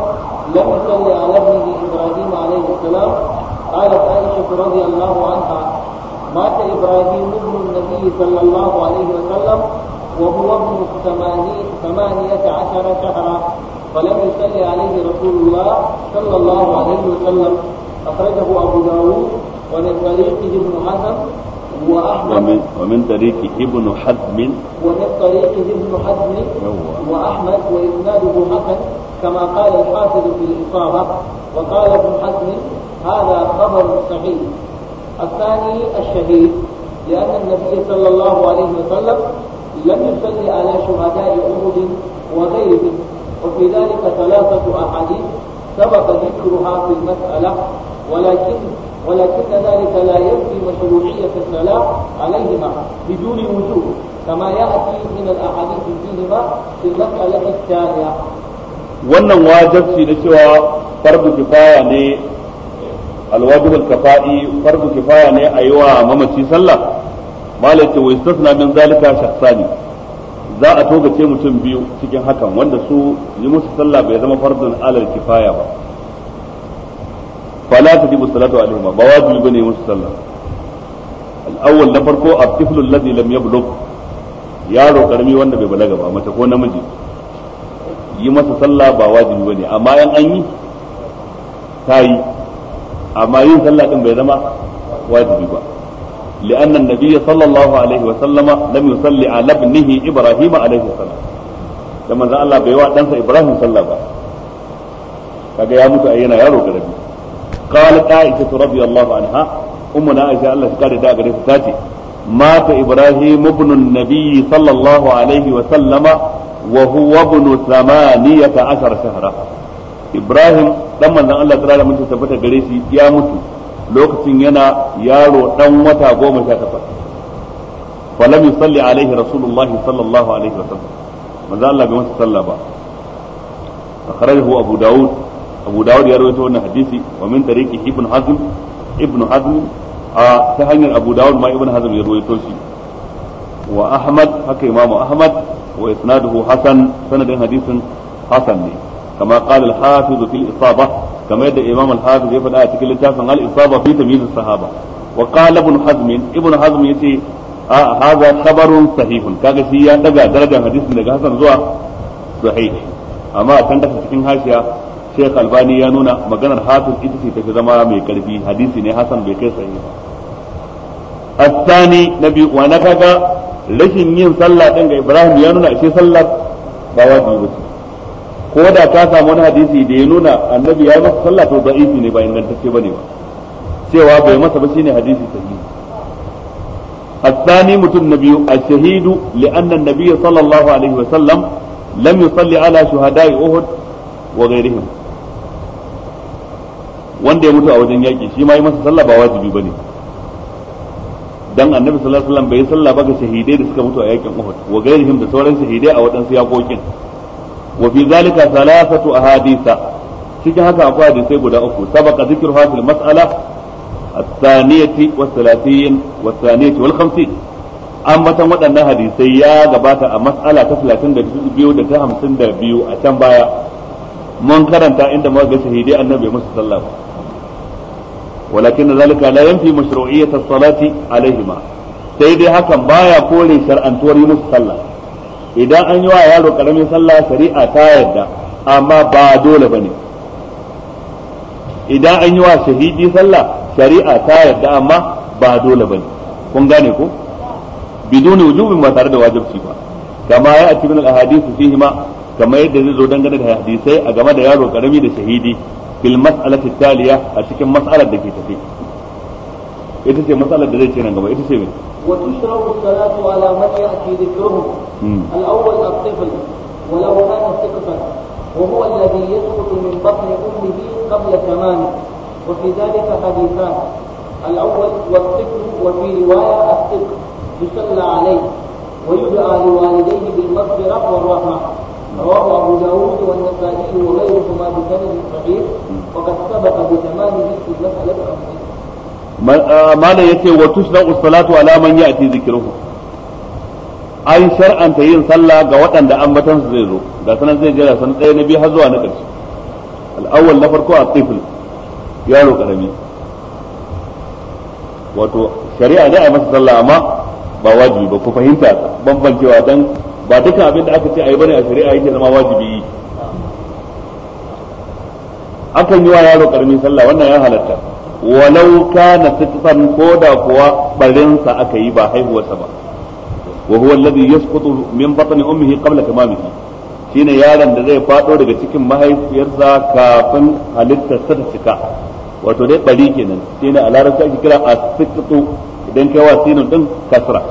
لم يصلي على ابنه إبراهيم عليه السلام قالت عائشة رضي الله عنها مات إبراهيم ابن النبي صلى الله عليه وسلم وهو ابن ثمانية عشر شهرا ولم يصلي عليه رسول الله صلى الله عليه وسلم أخرجه أبو داود ومن طريقه ابن حزم وأحمد ومن, ومن طريقه ابن حزم ومن طريقه ابن حزم وأحمد وإسناده حسن كما قال الحافظ في الإصابة وقال ابن حزم هذا خبر صحيح الثاني الشهيد لأن النبي صلى الله عليه وسلم لم يصلي على شهداء أحد وغيرهم وفي ذلك ثلاثة أحاديث سبق ذكرها في المسألة ولكن ولكن ذلك لا ينفي مشروعية الصلاة عليهما بدون وجوه كما يأتي من الأحاديث فيهما في المسألة الثانية wannan wajabci na cewa fardu kifaya ne alwajibul kafa'i fardu kifaya ne a yi wa mamaci sallah malaka wa istasna min zalika shakhsani za a togace mutum biyu cikin hakan wanda su yi musu sallah bai zama fardun alal kifaya ba fala ta jibu salatu alaihim ba wajibi bane musu sallah al-awwal na farko at-tiflu alladhi lam yablugh yaro karami wanda bai balaga ba mace ko namiji yi masa sallah ba wajibi bane amma yan an yi ta yi amma yin sallah din bai zama wajibi ba لأن النبي صلى الله عليه وسلم لم يصلي على ابنه إبراهيم عليه السلام لما ذا الله بيوا دنسا إبراهيم صلى الله kaga ya mutu ayyana yaro garabi qalat aisha radiyallahu anha ummuna aisha Allah ta da gare ta tace mata ibrahim ibn an-nabi sallallahu alaihi wa sallama wa huwa ibn 18 shahra ibrahim dan manzon Allah ta da mun tabbata gare shi ya mutu lokacin yana yaro dan wata goma sha takwas falam yusalli alaihi rasulullahi sallallahu alaihi wasallam manzo Allah bai masa sallah ba akhrajahu abu daud abu daud ya rawaito wannan hadisi wa min tariqi ibn hazm ibn hazm a ta hanyar abu daud ma ibn hazm ya rawaito shi wa ahmad haka imamu ahmad wa isnaduhu hasan sanadin hadisin hasan ne kama qala al-hafiz fil isabah kamar da imam al-hafiz ya faɗa a cikin littafin al-isaba fi tamyiz sahaba wa qala ibn hazm ibn hazm yace a hadha khabarun sahihun kaga shi ya daga darajar hadisin daga hasan zuwa sahih amma a can daga cikin hashiya Sheikh Albani ya nuna maganar hafiz ita ce tafi zama mai karfi hadisi ne hasan bai a sani na biyu نبي ka ga rashin yin sallah din ga Ibrahim ya nuna ashe sallar ba wajibi ba ko da ka samu wani hadisi da ya nuna annabi ya yi masa sallah to da'ifi ne ba ingantacce bane ba cewa bai masa ba shine hadisi sahihi الثاني متن النبي الشهيد لأن النبي صلى الله عليه وسلم لم يصلي على شهداء أحد وغيرهم wanda ya mutu a wajen yaƙi shi ma yi masa sallah ba wajibi bane dan annabi sallallahu alaihi wasallam bai sallah ba ga shahidai da suka mutu a yaƙin Uhud wa da sauran shahidai a waɗansu yaƙoƙin wa fi zalika thalathatu ahaditha cikin haka akwai hadisai guda uku sabaqa dhikru hadhihi al-mas'ala الثانية والثلاثين والثانية والخمسين أما waɗannan hadisai ya gabata a mas'ala ta 32 da ta 52 a can baya mun karanta inda muka ga shahidai annabi musu na ولكن ذلك لا ينفي مشروعية الصلاة عليهما sai dai hakan baya kore shar'antuwar yi musu sallah idan an yi wa yaro karamin sallah shari'a ta yarda amma ba dole ne idan an yi wa shahidi sallah shari'a ta yarda amma ba dole ne kun gane ko biduni wujubin ba tare da wajibci ba kama ya ati min al fi fihi ma kama yadda zai zo dangane da hadisai a game da yaro karami da shahidi fil mas'alati taliya a cikin mas'alar da ke tafi ita ce matsalar da zai ce nan gaba ita ce me وتشرع الصلاة على من يأتي ذكرهم الأول الطفل ولو كان سقفا وهو الذي يسقط من بطن أمه قبل ثمان وفي ذلك حديثان الأول والطفل وفي رواية الطفل يصلى عليه ويدعى لوالديه بالمغفرة والرحمة رواه أبو داود والنسائي وغيرهما بسند صحيح وقد سبق بتمامه في مسألة أمه Ah, malam ce wa tusna'u salatu ala man ya'ti zikruhu an shar'anta yin sallah ga waɗanda ambatan su zai zo ga sanan zai jira sanan ɗaya na biyu har zuwa na ƙarshe al na farko a tifl yaro ƙarami. wato shari'a ne a masa sallah amma ba wajibi ba ku fahimta bambancewa don ba dukkan abin da aka ce a ayi bane a shari'a yake zama wajibi yi. akan yi wa yaro karami sallah wannan ya halatta walau kana fitsan koda kuwa barin sa aka yi ba haihuwarsa ba wa huwa alladhi yasqutu min batni ummihi qabla tamamihi shine yaron da zai fado daga cikin mahaifiyarsa kafin halittar ta cika wato dai bari kenan shine a larabci ake kira asqatu idan kai wa sinin din kasra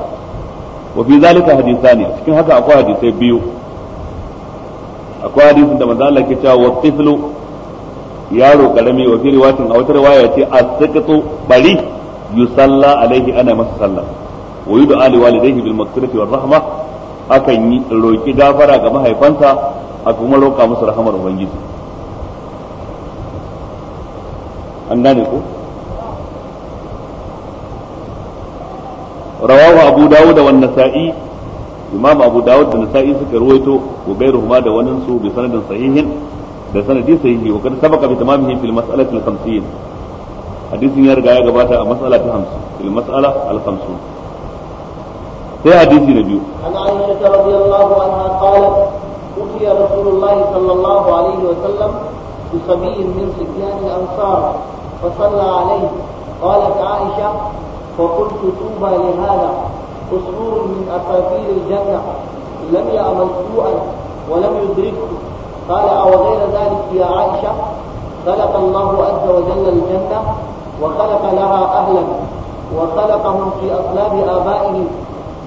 wa fi zalika hadithani cikin haka akwai hadisai biyu akwai hadisin da manzo Allah ke cewa wa tiflu yaro karami wa fi riwayatin a wata riwaya ce a saqatu bari yusalla alaihi ana masa sallah wa yudu ali walidayhi bil maghfirati war rahma akan yi roki gafara ga mahaifansa a kuma roka musu rahamar ubangiji an gane ko rawahu abu dawud wa an-nasa'i imam abu dawud da nasa'i suka ruwaito wa ruhuma da su bi sanadin sahihin da sanadi sahihi wa kad sabaqa bi tamamihi fil mas'alati al 50 hadisin ya riga ya gabata a mas'ala ta 50 fil mas'ala al 50 sai hadisi na biyu an aisha radiyallahu anha qalat utiya rasulullah sallallahu alaihi wa sallam bi min ansar fa salla alaihi qalat aisha فقلت طوبى لهذا قصور من أساطير الجنة قال أو غير ذلك يا عائشة خلق الله عز وجل الجنة وخلق لها أهلا وخلقهم في أصلاب آبائهم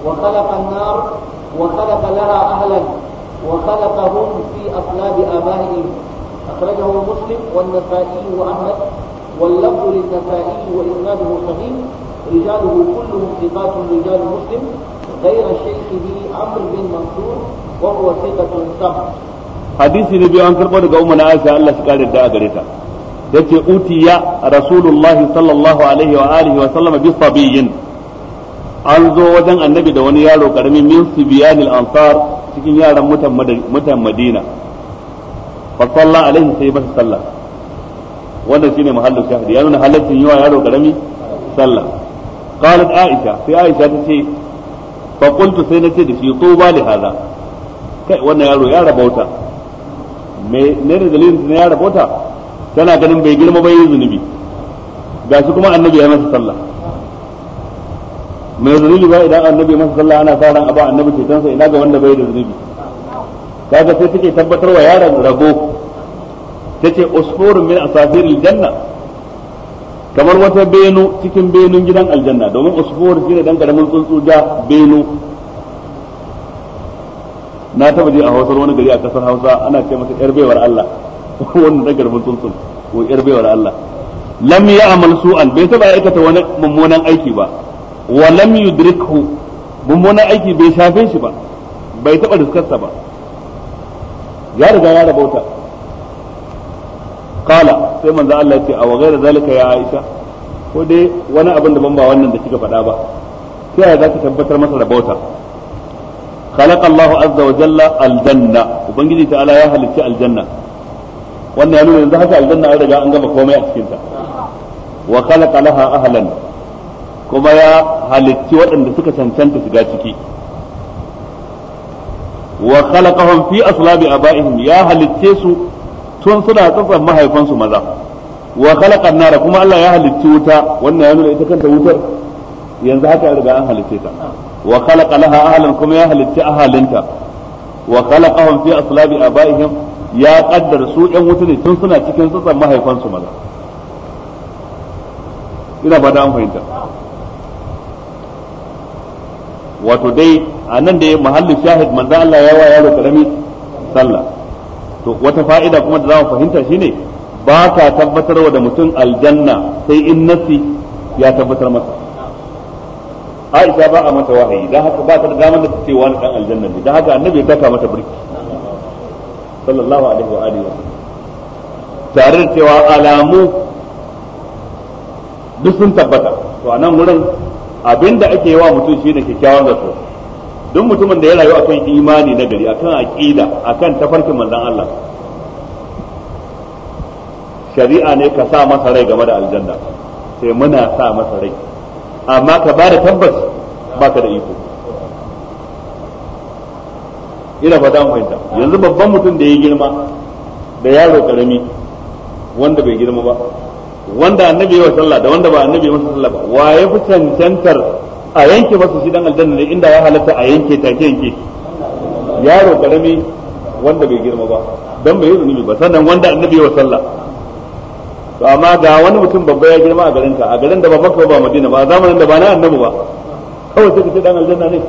وخلق النار وخلق لها أهلا وخلقهم في أصلاب آبائهم أخرجه مسلم والنسائي وأحمد واللفظ للنسائي وإسناده صحيح رجاله كلهم ثقات رجال مسلم غير شيخه عمرو بن منصور وهو ثقة سهل hadisi ne biyu an karɓo daga Umar na aisha Allah shi kare da gare ta ce utiya rasulullah sallallahu alaihi wa alihi wa sallama bi sabiyyin an zo wajen annabi da wani yaro karami min sibiyanil ansar cikin yaran mutan madina fa salla alaihi sai masa sallah Wanda shine mahallin shahidi ya nuna halaccin yawa yaro karami sallah qalat aisha sai aisha ta ce fa qultu sai nace da shi tuba li hada kai wannan yaro ya rabauta me ne da dalilin da ya rabota tana ganin bai girma bai yi zunubi shi kuma annabi ya masa sallah mai zunubi ba idan annabi masa sallah ana sa ran aba annabi ke tansa ina ga wanda bai da zunubi kaga sai take tabbatar wa yaron rago tace usfurun min asafir aljanna kamar wata beno cikin benon gidan aljanna domin usfur shine dan karamin tsuntsu da beno na taba je a hausar wani gari a kasar hausa ana ce masa yar baiwar Allah wannan da garbin tuntun ko yar baiwar Allah lam ya'mal su'an bai taba aikata wani mummunan aiki ba wa lam yudrikhu mummunan aiki bai shafe shi ba bai taba riskarsa ba ya riga ya rabauta kala sai manzo Allah ya ce a wagaira zalika ya Aisha ko dai wani abin da ban ba wannan da kika faɗa ba sai ya zaka tabbatar masa rabauta khalaqa Allahu azza wa jalla aljanna ubangiji ta'ala ya halicci aljanna wannan ya nuna yanzu haka aljanna an riga an gama komai a cikin ta wa khalaqa laha ahlan kuma ya halicci waɗanda suka cancanta shiga ciki wa khalaqahum fi aslabi abaihim ya halicce su tun suna tsatsan mahaifansu maza wa khalaqan nara kuma Allah ya halicci wuta wannan ya ya halicce wa khalaqa laha kuma ya halitta ahalinta wa khalaqahum fi aslabi abaihim ya kaddara su ɗan wuta ne tun suna cikin tsatsan mahaifansu maza ina ba da an fahimta wato dai a nan da mahallin shahid Allah ya sallah to wata fa'ida kuma da za mu fahimta shine ba ka tabbatarwa da mutum aljanna sai in nasi ya tabbatar masa Aisha ba a mata wahayi dan haka ba ta da gaman da ta ce wani dan aljanna ne dan haka annabi ya taka mata burki sallallahu alaihi wa alihi tare da cewa alamu duk sun tabbata to a nan wurin abinda ake yi wa mutum shine kyakkyawan zato duk mutumin da ya rayu akan imani na gari akan aqida akan tafarkin manzon Allah shari'a ne ka sa masa rai game da aljanna sai muna sa masa rai amma ka ba da tabbas ba ka da iko ina ba damu fahimta yanzu babban mutum da ya girma da yaro karami wanda bai girma ba wanda annabi ya sallah da wanda ba annabi ya sallah ba wa ya fi cancantar a yanke masa shi dan aljanna ne inda ya halatta a yanke take yanke yaro karami wanda bai girma ba dan bai zunubi ba sannan wanda annabi ya sallah to amma ga wani mutum babba ya girma a garinka a garin da ba makka ba madina ba a zamanin da ba na annabi ba kawai sai ka ce dan aljanna ne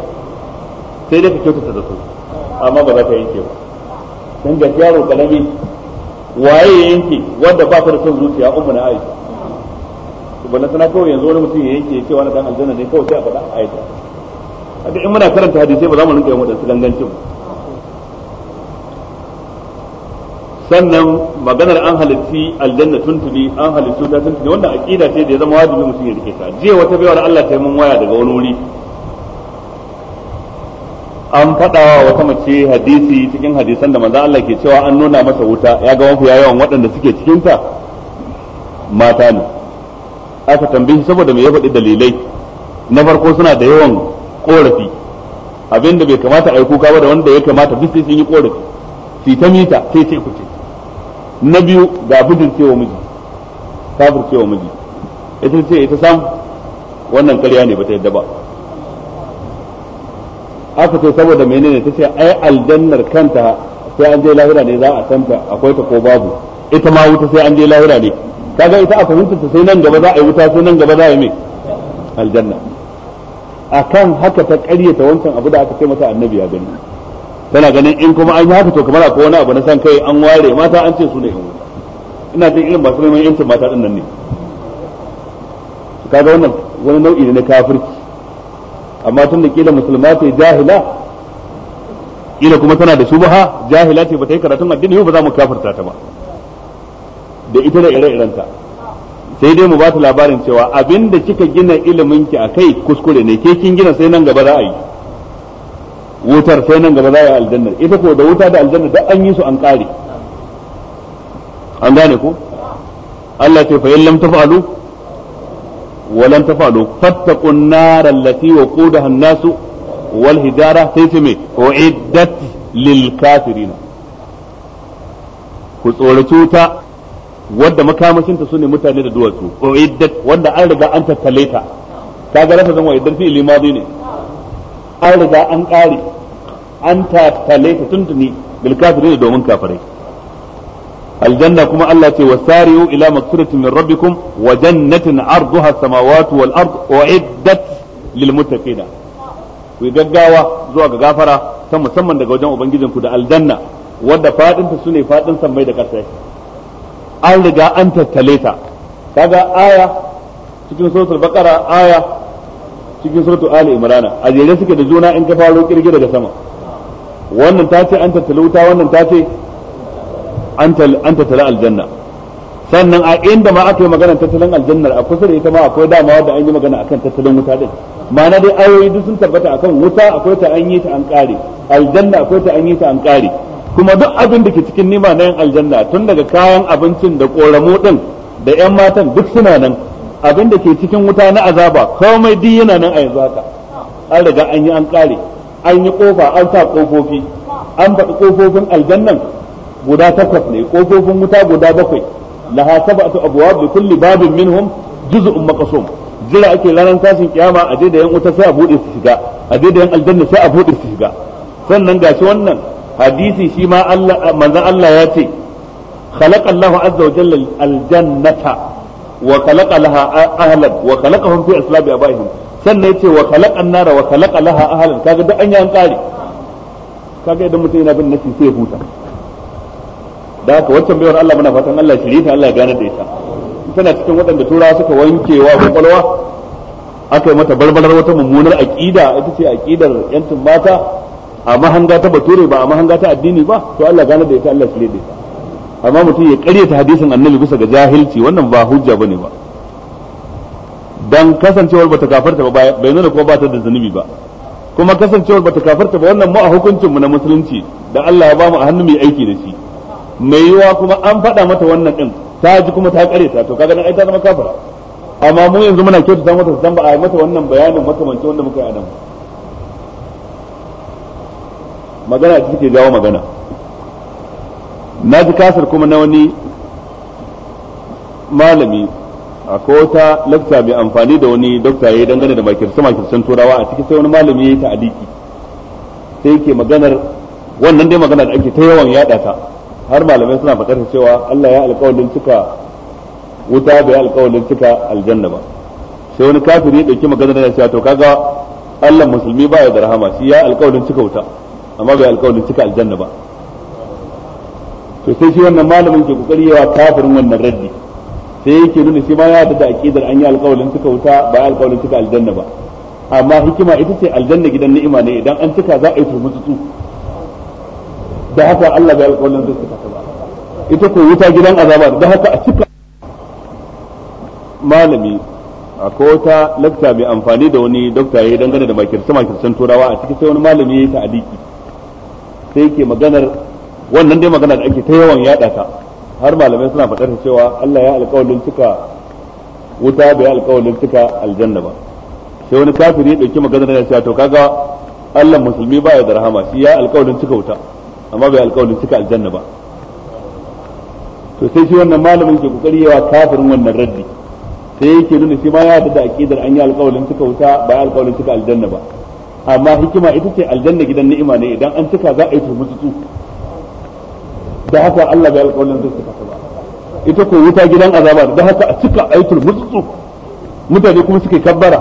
sai dai ka kyautata da su amma ba za ka yanke ba dan ga yaro kalami waye ya yanke wanda ba ka da son zuciya ummu na aiki? to bana sana kawai yanzu wani mutum ya yanke ya ce wani dan aljanna ne kawai sai a faɗa aisha haka in muna karanta hadisai ba za mu rinka yin waɗansu gangancin ba sannan maganar an halitti aljanna tuntuli an halittu ta wanda wanda aqida ce da ya zama wajibi mutum ya rike ta jiya wata bayar Allah ta yi mun waya daga wani wuri an fadawa wata mace hadisi cikin hadisan da manzo Allah ke cewa an nuna masa wuta ya ga wanku yawan waɗanda suke cikin ta mata ne aka tambayi saboda me ya faɗi dalilai na farko suna da yawan korafi abinda bai kamata a yi kuka ba da wanda ya kamata duk sai sun yi korafi fitamita mita sai ce ku ce na biyu ga bujurcewa miji kafircewa miji ita ce ita sam wannan karya ne bata yadda ba aka ce saboda menene ta ce ai aljannar kanta sai an je lahira ne za a santa akwai ta ko babu ita ma wuta sai an je lahira ne kaga ita a fahimtar ta sai nan gaba za a yi wuta sai nan gaba za a yi mai aljanna akan haka ta ƙaryata wancan abu da aka ce mata annabi ya gani tana ganin in kuma an yi haka to kamar akwai wani abu na san kai an ware mata an ce su ne yan wuta ina jin irin masu neman yancin mata din nan ne kaga wannan wani nau'i ne na kafirci amma tun da kila musulma ce jahila kila kuma tana da subha jahila ce bata yi karatun addini ba za mu kafirta ta ba da ita da ire-irenta sai dai mu ba ta labarin cewa abinda kika gina ilimin ki akai kuskure ne ke kin gina sai nan gaba za a yi wutar sai nan gaba za a yi aljanna ita ko da wuta da aljanna da an yi su an kare an gane ko Allah ce fa in lam taf'alu wa lam taf'alu fattaqun nar allati waqudaha an-nasu wal hijara sai ce me uiddat lil kafirin ku tsoraci wuta wadda makamashinta su ne mutane da duwatsu uiddat wanda an riga an tattale ta kaga zan wa idan fi'ili madi ne an riga an ƙare an tattale ta tuntuni bil kafirin domin kafirai aljanna kuma Allah ce wasari'u ila maghfiratin min rabbikum wa jannatin arduha samawati wal ard uiddat lil muttaqina ku gaggawa zuwa ga gafara ta musamman daga wajen ku da aljanna wadda fadinta sune fadin sammai da ƙasa an riga an tattale ta kaga aya cikin suratul baqara aya cikin suratu ali imrana a jere suke da juna in ka faro kirge daga sama wannan ta ce an tattala wuta wannan ta ce an tattala aljanna sannan a inda ma aka yi magana tattalin aljannar a kusa da ita ma akwai dama da an yi magana akan tattalin wuta din ma'ana dai ayoyi duk sun tabbata akan wuta akwai ta an yi ta an kare aljanna akwai ta an yi ta an kare kuma duk abin da ke cikin nima na yan aljanna tun daga kayan abincin da ƙoramo din da yan matan duk suna nan abin da ke cikin wuta na azaba komai duk yana nan a yanzu haka an riga an yi an kare an yi kofa an sa kofofi an faɗi kofofin aljannan guda takwas ne kofofin wuta guda bakwai laha sab'atu abwab li kulli babin minhum juz'un maqsum jira ake ranar tashin kiyama a da yan wuta sai a bude su shiga a da yan aljanna sai a bude su shiga sannan gashi wannan hadisi shi ma Allah manzon Allah ya ce khalaqa Allahu azza wa jalla aljannata wa khalaqa laha ahlan wa khalaqahum fi aslabi abaihim sannan yace wa khalaqan nar wa khalaqa laha ahlan kaga duk an yi an kare kaga idan mutum yana bin nafi sai ya huta da haka waccan bayar Allah muna fatan Allah shirye ta Allah ya gane da ita tana cikin waɗanda turawa suka wankewa kwakwalwa aka yi mata barbarar wata mummunar aƙida ita ce aƙidar yancin mata a mahanga ta bature ba a mahanga ta addini ba to Allah gane da ita Allah shirye da ita amma mutum ya karyata hadisin annabi bisa ga jahilci wannan ba hujja bane ba dan kasancewar bata kafarta ba bai nuna ko ba ta da zunubi ba kuma kasancewar bata kafarta ba wannan mu a hukuncin mu na musulunci da Allah ya bamu a hannu mai aiki da shi mai yiwa kuma an faɗa mata wannan din ta ji kuma ta karyata to kaga nan ai ta zama kafara amma mu yanzu muna kyautata mata san ba a mata wannan bayanin makamancin wanda muka yi a nan magana ce take jawo magana na ji kasar kuma na wani malami a wata lakta mai amfani da wani dokta ya yi dangane da makirsa makircen turawa a cikin sai wani malami ya yi ta'aliki sai ke maganar wannan dai magana da ake ta yawan yada ta har malamai suna fatar cewa Allah ya alƙawarin cika wuta bai alƙawarin cika aljanna ba sai wani kafiri ya dauki maganar da cewa to kaga Allah musulmi ya da rahama shi ya alƙawarin cika wuta amma bai alƙawarin cika aljanna ba to sai shi wannan malamin ke kokari yawa kafirin wannan raddi sai yake nuna shi ma ya da aqidar an yi alƙawalin suka wuta ba ya alƙawalin suka aljanna ba amma hikima ita ce aljanna gidan ni'ima ne idan an cika za a yi turmutu turmutsu da haka Allah bai alƙawalin zai cika ba ita ko wuta gidan azaba da haka a cika malami a kota lakta mai amfani da wani dokta ya dangane da makirce makircen turawa a cikin sai wani malami ya yi ta'adiki sai ke maganar wannan dai magana da ake ta yawan yada ta har malamai suna faɗar cewa Allah ya alƙawalin cika wuta bai alƙawarin cika aljanna ba sai wani kafiri ya dauki maganar da cewa to kaga Allah musulmi ba ya da rahama shi ya alƙawarin cika wuta amma bai alƙawarin cika aljanna ba to sai shi wannan malamin ke kokari yawa kafirin wannan raddi sai yake nuna shi ma ya yarda da aqidar an yi alƙawarin cika wuta ba ya alƙawarin cika aljanna ba amma hikima ita ce aljanna gidan ni'ima ne idan an cika za a yi turmutsu da haka Allah bai alƙawarin zai cika ta ita ko wuta gidan azaba da haka a cika aitul mutsutsu mutane kuma suke kabbara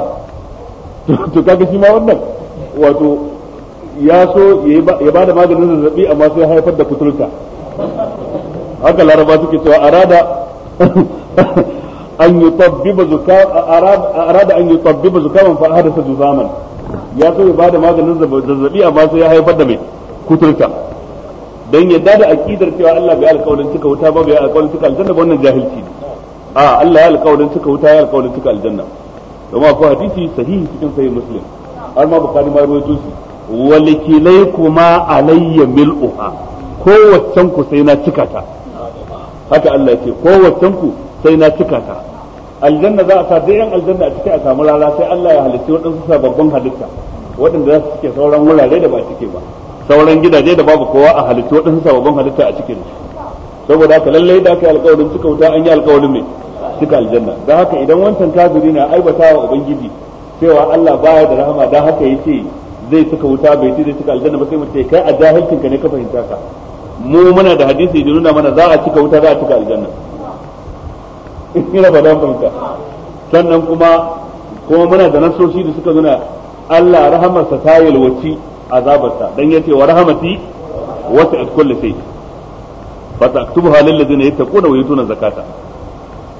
to kaga shi ma wannan wato ya so ya bada maganin zazzabi amma sai haifar da kuturta haka laraba suke cewa arada an yutabbiba zuka arada an yutabbiba zukaman fa hadasa juzaman ya so ya ba da maganin zazzabi amma sai ya haifar da mai kuturta don yadda da aqidar cewa Allah bai alƙawarin cika wuta ba bai alƙawarin cika aljanna ba wannan jahilci ne a Allah ya alƙawarin cika wuta ya alƙawarin cika aljanna kuma akwai hadisi sahihi cikin sahih muslim har ma bukari ma ruwaito shi walikilai kuma alayya mil'uha kowaccen ku sai na cika ta haka Allah ce kowaccen ku sai na cika ta aljanna za a sa dai yan aljanna a cikin a samu rana sai Allah ya halitta waɗansu sababbin halitta waɗanda za su cike sauran wurare da ba cike ba sauran gidaje da babu kowa a halittu waɗansu sababbin halitta a cikin saboda haka lallai da aka yi alkawarin suka wuta an yi alkawarin mai suka aljanna da haka idan wancan kafiri na aibata wa ubangiji cewa Allah baya da rahama don haka ya ce zai suka wuta bai ce zai suka aljanna ba sai mu ce kai a jahilcin ka ne ka fahimta ka mu muna da hadisi da nuna mana za a cika wuta za a cika aljanna ina ba dan fahimta sannan kuma kuma muna da nasoshi da suka nuna Allah rahamarsa ta yalwaci azabarsa dan yace wa rahmati wasi'at kulli shay fa taktubuha lil ladina yattaquna wa yutuna zakata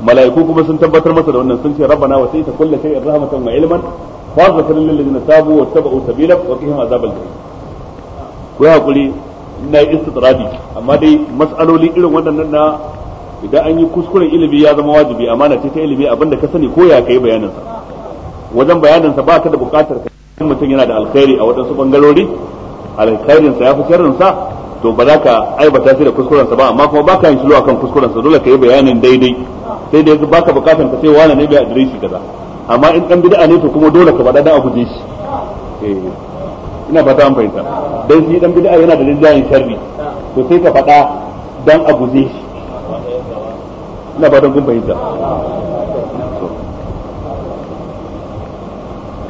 malaiku kuma sun tabbatar masa da wannan sun ce rabbana wasi'ta kulli shay'in rahmatan wa ilman fa zakarin lil ladina tabu wa tabu sabila wa qihim azabal jahim ku hakuri ina yi amma dai mas'aloli irin waɗannan na idan an yi kuskuren ilimi ya zama wajibi amana ce ta ilimi abinda ka sani ko ya kai bayaninsa wajen bayaninsa ba ka da bukatar ka mutum yana da alkhairi a waɗansu bangarori alkhairin sa fi sharrin sa to ba za ka aibata shi da kuskuren sa ba amma kuma baka yin shiru akan kuskuren sa dole ka yi bayanin daidai sai dai baka bukatan ka sai wani ne bai shi kaza amma in dan bid'a ne to kuma dole ka bada da abu je shi eh, ina fata an fahimta dan shi dan bid'a yana da rinjayen sharri to sai ka fada dan abu je shi ina fatan kun fahimta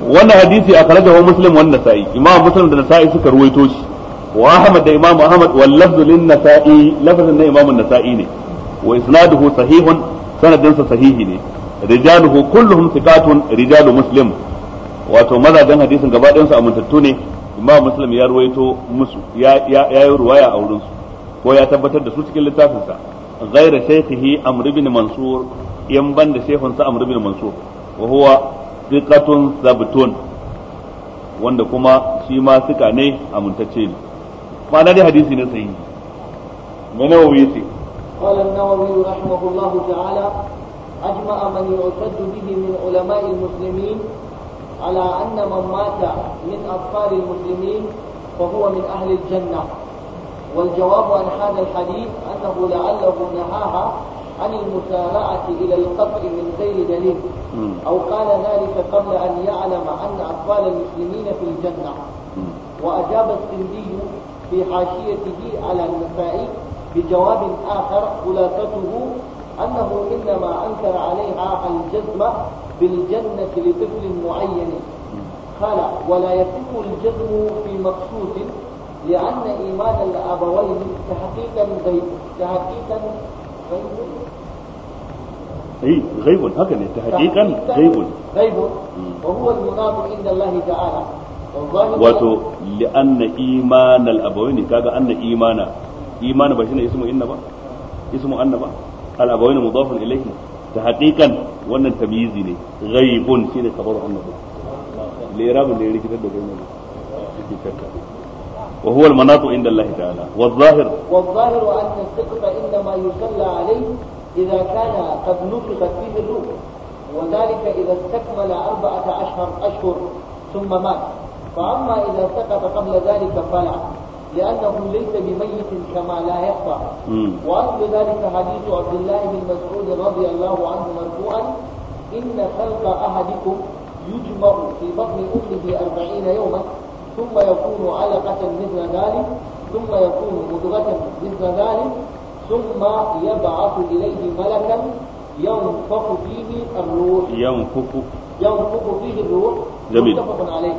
wannan hadisi a karajahu muslim wannan nasa'i imam muslim da nasa'i suka ruwaito shi wa ahmad da imam ahmad wal lafzu lin nasa'i lafzin na imam nasa'i ne wa isnaduhu sahihun sanadinsa sahihi ne rijaluhu kulluhum thiqatun rijalu muslim wato mazajen hadisin gaba ɗayan su amintattu ne imam muslim ya ruwaito musu ya ya yi ruwaya a wurin su ko ya tabbatar da su cikin littafin sa ghaira shaykhihi amr ibn mansur yan banda shaykhun sa amr ibn mansur wa huwa thiqatun sabtun wanda kuma shi ma suka ne amintacce ne ma'ana dai hadisi ne sahihi me nawawi yace قال النووي رحمه الله تعالى أجمع من يعتد به من علماء المسلمين على أن من مات من أطفال المسلمين فهو من أهل الجنة والجواب عن هذا الحديث أنه لعله نهاها عن المسارعة إلى القبر من غير دليل أو قال ذلك قبل أن يعلم أن أطفال المسلمين في الجنة وأجاب السندي في حاشيته على النسائي بجواب آخر خلاصته أنه إنما أنكر عليها الجزم بالجنة لطفل معين قال ولا يتم الجزم في مقصود لأن إيمان الأبوين تحقيقا تحقيقا اي غيب هكذا تحقيقا غيب غيب وهو المناط عند الله تعالى wato li anna iman al abawain kaga anna imana imana ba shine ismu inna ba ismu anna ba al abawain mudafun ilayhi ta haqiqan wannan tamyizi ne ghaibun shine kabaru annabi li irabun da ya rikitar da gaimu ne وهو المناط عند الله تعالى والظاهر والظاهر أن السقف إنما يصلى عليه إذا كان قد نفخت فيه الروح وذلك إذا استكمل أربعة أشهر أشهر ثم مات فأما إذا سقط قبل ذلك فلا لأنه ليس بميت كما لا يخفى وأصل ذلك حديث عبد الله بن مسعود رضي الله عنه مرفوعا إن خلق أحدكم يجمع في بطن أمه أربعين يوما ثم يكون علقة مثل ذلك ثم يكون مضغة مثل ذلك ثم يبعث إليه ملكا ينفخ فيه الروح ينفخ ينفخ فيه الروح جميل متفق عليه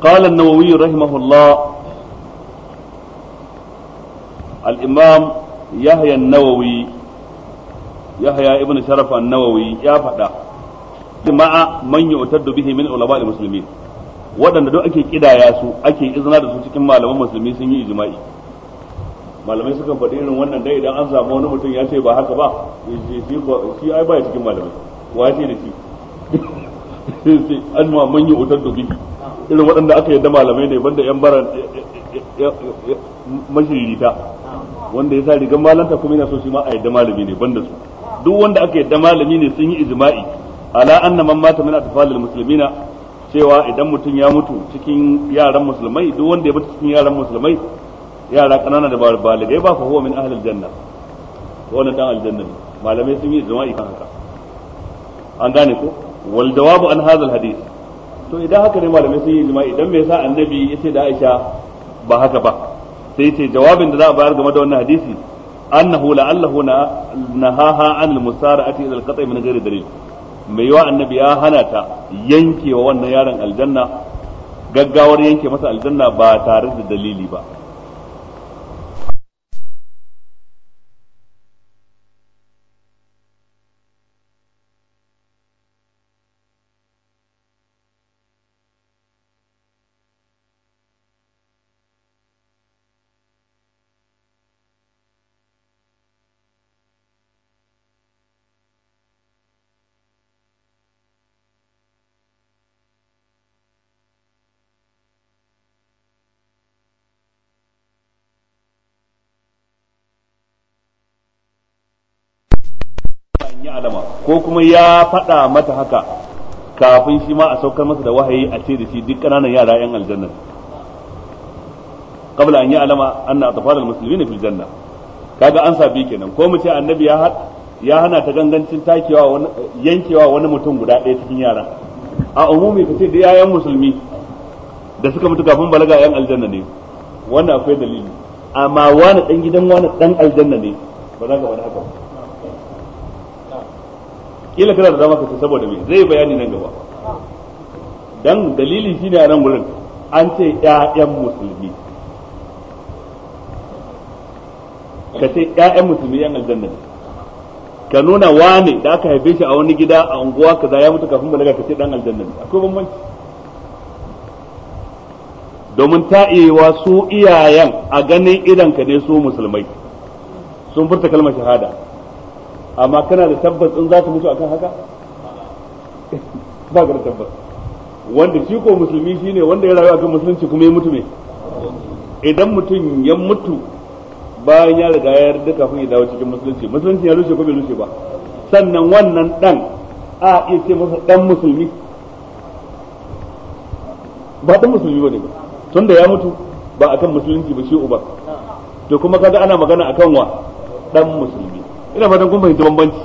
قال النووي رحمه الله الإمام يحيى النووي يحيى ابن شرف النووي يا فدا جماعة من يؤتد به من علماء المسلمين waɗanda duk ake kidaya su ake izina da su cikin malaman musulmi sun yi ijma'i malamai suka faɗi irin wannan dai idan an samu wani mutum ya ce ba haka ba shi ai baya cikin malamai wa ce da shi an ma man yi utar dubi irin waɗanda aka yadda malamai ne banda yan baran mashiririta wanda ya sa rigar malanta kuma yana so shi ma a yadda malami ne banda su duk wanda aka yadda malami ne sun yi ijma'i ala anna man mata min atfalil muslimina cewa idan mutum ya mutu cikin yaran musulmai duk wanda ya mutu cikin yaran musulmai yara kanana da baligai ba fa huwa min ahlil janna wannan dan aljanna ne malamai sun yi ijma'i kan haka an gane ko wal jawabu an hadha al hadith to idan haka ne malamai sun yi ijma'i idan me yasa annabi yace da Aisha ba haka ba sai yace jawabin da za a bayar game da wannan hadisi annahu la'allahu nahaha an al musara'ati ila al qat'i min ghairi dalil mai yawa annabi ya hana ta yankewa wannan yaron aljanna gaggawar yanke masa aljanna ba tare da dalili ba ko kuma ya faɗa mata haka kafin shi ma a saukar masa da wahayi a ce da shi duk ƙananan yara 'yan aljanna qabla an ya'lama anna atfal almuslimina fil janna kaga an sabi kenan ko mu ce annabi ya ya hana ta gangancin takewa wani yankewa wani mutum guda ɗaya cikin yara a umumi ka ce da yayan musulmi da suka mutu kafin balaga yan aljanna ne wannan akwai dalili amma wani dan gidan wani dan aljanna ne ba za ka wani haka ba kila kana da dama ka ce saboda me zai bayani nan gaba dan dalili shine a nan gurin an ce ƴaƴan musulmi ka ce ƴaƴan musulmi yan aljanna ne ka nuna wane da aka haife shi a wani gida a unguwa kaza ya mutu kafin balaga ka ce dan aljanna ne akwai bambanci domin ta iya su iyayen a ganin idan ka ne su musulmai sun furta kalmar shahada amma kana da tabbas in za su mutu akan haka ba ga tabbas wanda shi ko musulmi shine wanda ya rayu akan musulunci kuma ya mutu me idan mutum ya mutu bayan ya riga ya yarda kafin ya dawo cikin musulunci musulunci ya rushe ko bai rushe ba sannan wannan dan a iya ce masa dan musulmi ba dan musulmi bane ba da ya mutu ba akan musulunci ba shi uba to kuma kaga ana magana akan wa dan musulmi ina fatan kun fahimci bambanci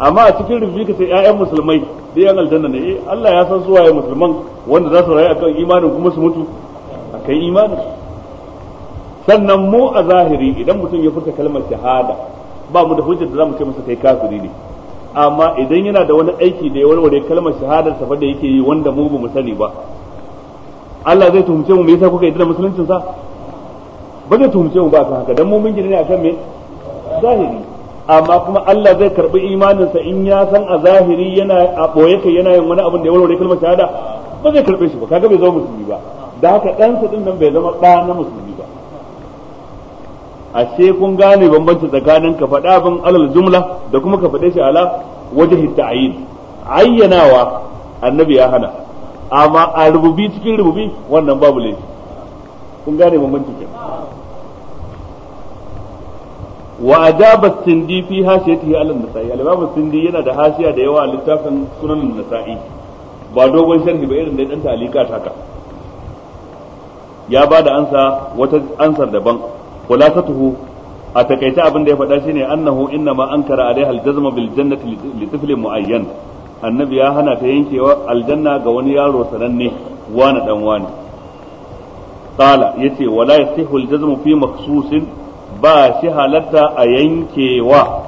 amma a cikin rubutu ka sai ƴaƴan musulmai da yan aljanna ne eh, Allah ya san suwaye musulman wanda za su rayu akan imanin kuma su mutu akan imanin sannan mu a zahiri idan mutum ya furta kalmar shahada ba mu da hujjar da zamu ce masa kai kafiri ne amma idan yana da wani aiki da ya warware kalmar shahadar sa da yake yi wanda mu ba mu sani ba Allah zai tuhumce mu me yasa kuka yi da musuluncin sa ba zai tuhumce mu ba kan haka dan mu mun gina ne akan me zahiri amma kuma Allah zai karbi imaninsa in ya san a zahiri yana a boye kai yana yin wani abin da ya warware kalmar shahada ba zai karbe shi ba kaga bai zama musulmi ba da haka ɗansa din nan bai zama ɗa na musulmi ba ashe kun gane bambanci tsakanin ka faɗa abin alal jumla da kuma ka faɗe shi ala wajhi ta'yin ayyanawa annabi ya hana amma a rububi cikin rububi wannan babu laifi kun gane bambanci kenan wa ajaba sindi fi hasiyatihi ala nasa'i al-imam sindi yana da hasiya da yawa a littafin sunan nasa'i ba dogon sharhi ba irin da dan talika haka ya ba da ansa wata ansar daban khulasatuhu a takaita abin da ya faɗa shine annahu inna ma ankara alaiha al-jazma bil jannati li muayyan annabi ya hana ta yankewa aljanna ga wani yaro sananne wani dan wani qala yace wala yasihu al fi ba shi halatta a yankewa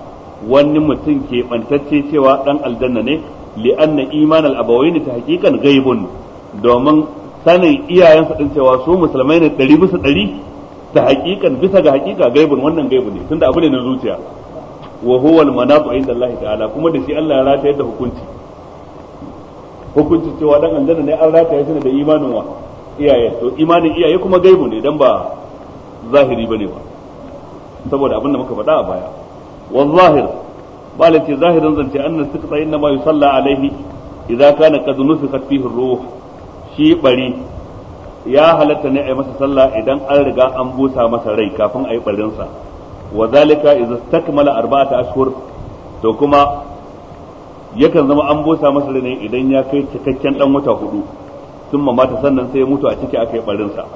wani mutum ke bantacce cewa dan aljanna ne anna iman al-abawain ta hakikan gaibun domin sanin iyayensa din cewa su musulmai ne 100 bisa 100 ta hakikan bisa ga hakika gaibun wannan gaibu ne tunda abu ne na zuciya wa huwa al manaqu inda Allah ta'ala kuma da shi Allah ya rataya da hukunci hukunci cewa dan aljanna ne an rataya shi da imanin wa iyaye to imanin iyaye kuma gaibu ne dan ba zahiri bane ba saboda abin da muka faɗa a baya wa zahir ba ce zahirin zance annas siqta inna ma yusalla alaihi idza kana qad nufiqat fihi ruh shi bari ya halatta ne a yi masa sallah idan an riga an busa masa rai kafin a yi barinsa wa zalika idza stakmala arba'ata ashhur to kuma yakan zama an busa masa rai ne idan ya kai cikakken dan wata hudu sun mamata sannan sai ya mutu a ciki aka yi barinsa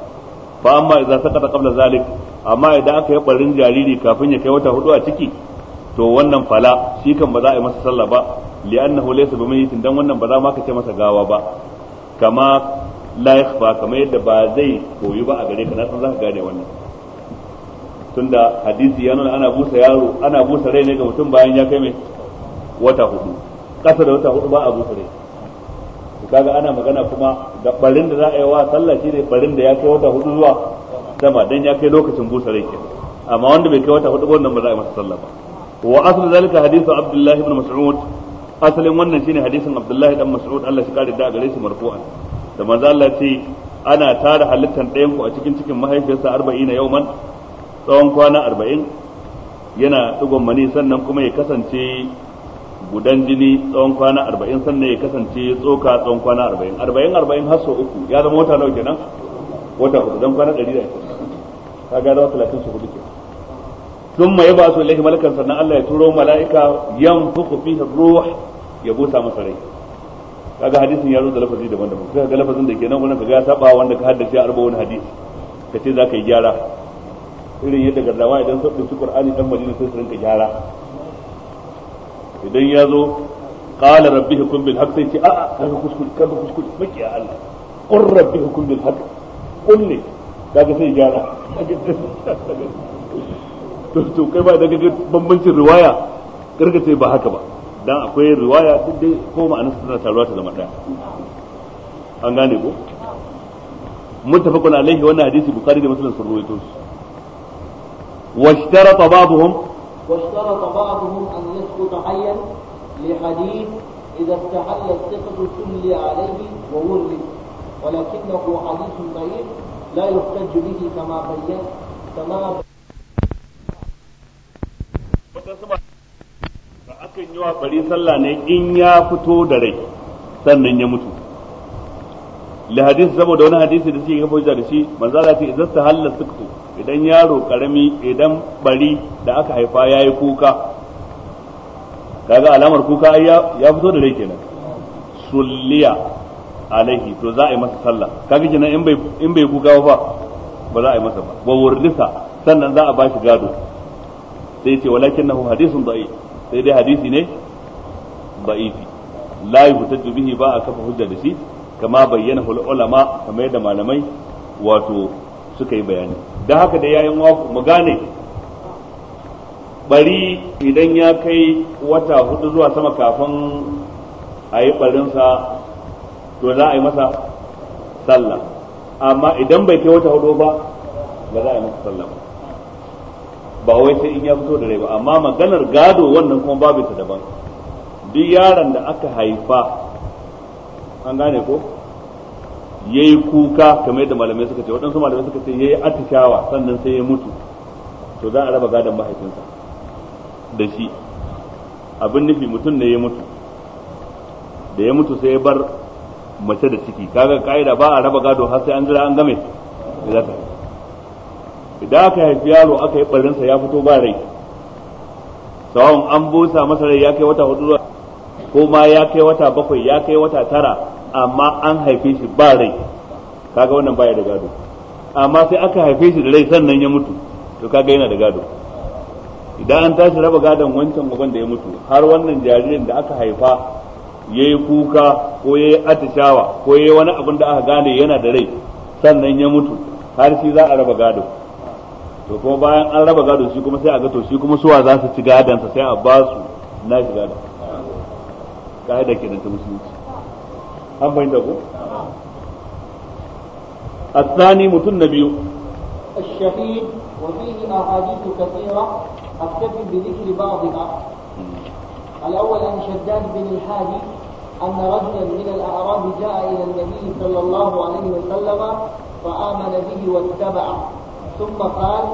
fa amma idza saqata qabla zalik amma idan aka yi barin jariri kafin ya kai wata hudu a ciki to wannan fala shi kan ba za a yi masa sallah ba li'annahu laysa bi mayyitin dan wannan ba za ma ka ce masa gawa ba kama la yakhfa kama yadda ba zai koyi ba a gare ka na san zaka gane wannan tunda hadisi ya nuna ana busa yaro ana busa rai ne ga mutum bayan ya kai mai wata hudu kasa da wata hudu ba a busa rai to kaga ana magana kuma da barin da za a yi wa sallah shine barin da ya kai wata hudu zuwa sama dan ya kai lokacin busa rai ke amma wanda bai kai wata hudu wannan ba za a yi masa sallah ba wa asli zalika hadithu abdullahi ibn mas'ud asalin wannan shine hadisin abdullahi dan mas'ud Allah shi kare da gare shi marfu'an da manzo Allah ce ana tara halittan ɗayan ku a cikin cikin mahaifiyarsa 40 yauman tsawon kwana arba'in yana tsugon mani sannan kuma ya kasance gudan jini tsawon kwana arba'in sannan ya kasance tsoka tsawon kwana arba'in arba'in arba'in har sau uku ya zama wata nawa kenan wata hudu dan kwana ɗari da ka ga zama talatin su hudu kenan ma ya إليه ملكا سنة الله يتورو allah ya turo mala'ika yan مسري kaga hadisin ya zo da lafazi daban-daban sai ga lafazin da ke nan wannan kaga ya taba wanda ka haddace arba wani hadisi ce za ka yi gyara irin yadda gardawa idan sabbin su qur'ani dan madina sai rinka gyara idan ya zo qala rabbi hukum bil haqq sai ce a'a kaga kuskure kaga kuskure maki a Allah qur rabbi hukum bil haqq kaga sai gyara to to kai ba daga bambancin riwaya karka ba haka ba dan akwai riwaya duk dai ko ma'anar tana taruwa ta zama daya an gane ko واشترط بعضهم واشترط بعضهم أن يسقط حيا لحديث إذا استحل الثقة سلي عليه وورد ولكنه حديث ضعيف لا يحتج به كما بين كما akan yi wa bari sallah ne in ya fito da rai sannan ya mutu li hadisi saboda wani hadisi da suke kafa da shi manzo Allah ya ce idan ta halal idan yaro karami idan bari da aka haifa ya yi kuka kaga alamar kuka ya fito da rai kenan sulliya alaihi to za a yi masa sallah kaga kenan in bai in bai kuka ba ba za a yi masa ba wa wurdisa sannan za a ba shi gado sai ce walakinahu hadisun da'if sai dai hadisi ne da'ifi la yuhtaju bihi ba a kafa hujja da shi kama bayyana ulama kamar da malamai wato suka yi bayani don haka da yayin waku mu gane bari idan ya kai wata hudu zuwa sama kafin a yi barinsa to za a yi masa sallah amma idan bai kai wata hudu ba ba za a yi masa sallah ba wai sai in ya fito da rai ba amma maganar gado wannan kuma babu ta daban duk yaron da aka haifa an gane ko yayi kuka kamar yadda malamai suka ce waɗansu malamai suka ce yayi atishawa sannan sai ya mutu to za a raba gadon mahaifinsa da shi abin nufi mutum ne ya mutu da ya mutu sai ya bar mace da ciki kaga ka'ida ba a raba gado har sai an jira an game idan aka haifi yaro aka yi barinsa ya fito ba rai sawon an busa masa rai ya kai wata hudu ko ma ya kai wata bakwai ya kai wata tara amma an haife shi ba rai kaga wannan baya da gado amma sai aka haife shi da rai sannan ya mutu to kaga yana da gado idan an tashi raba gadon wancan uban da ya mutu har wannan jaririn da aka haifa ya yi kuka ko ya yi atishawa ko ya yi wani abin da aka gane yana da rai sannan ya mutu har shi za a raba gado to kuma bayan an raba gado shi kuma sai a ga to shi kuma suwa za su ci sa sai a ba su na shi ka da kenan ta musulunci an bayin da ku الثاني متن نبي الشهيد وفيه أحاديث كثيرة أكتفي بذكر بعضها الأول عن شداد بن الحادي أن رجلا من الأعراب جاء إلى النبي صلى الله عليه وسلم فآمن به واتبعه ثم قال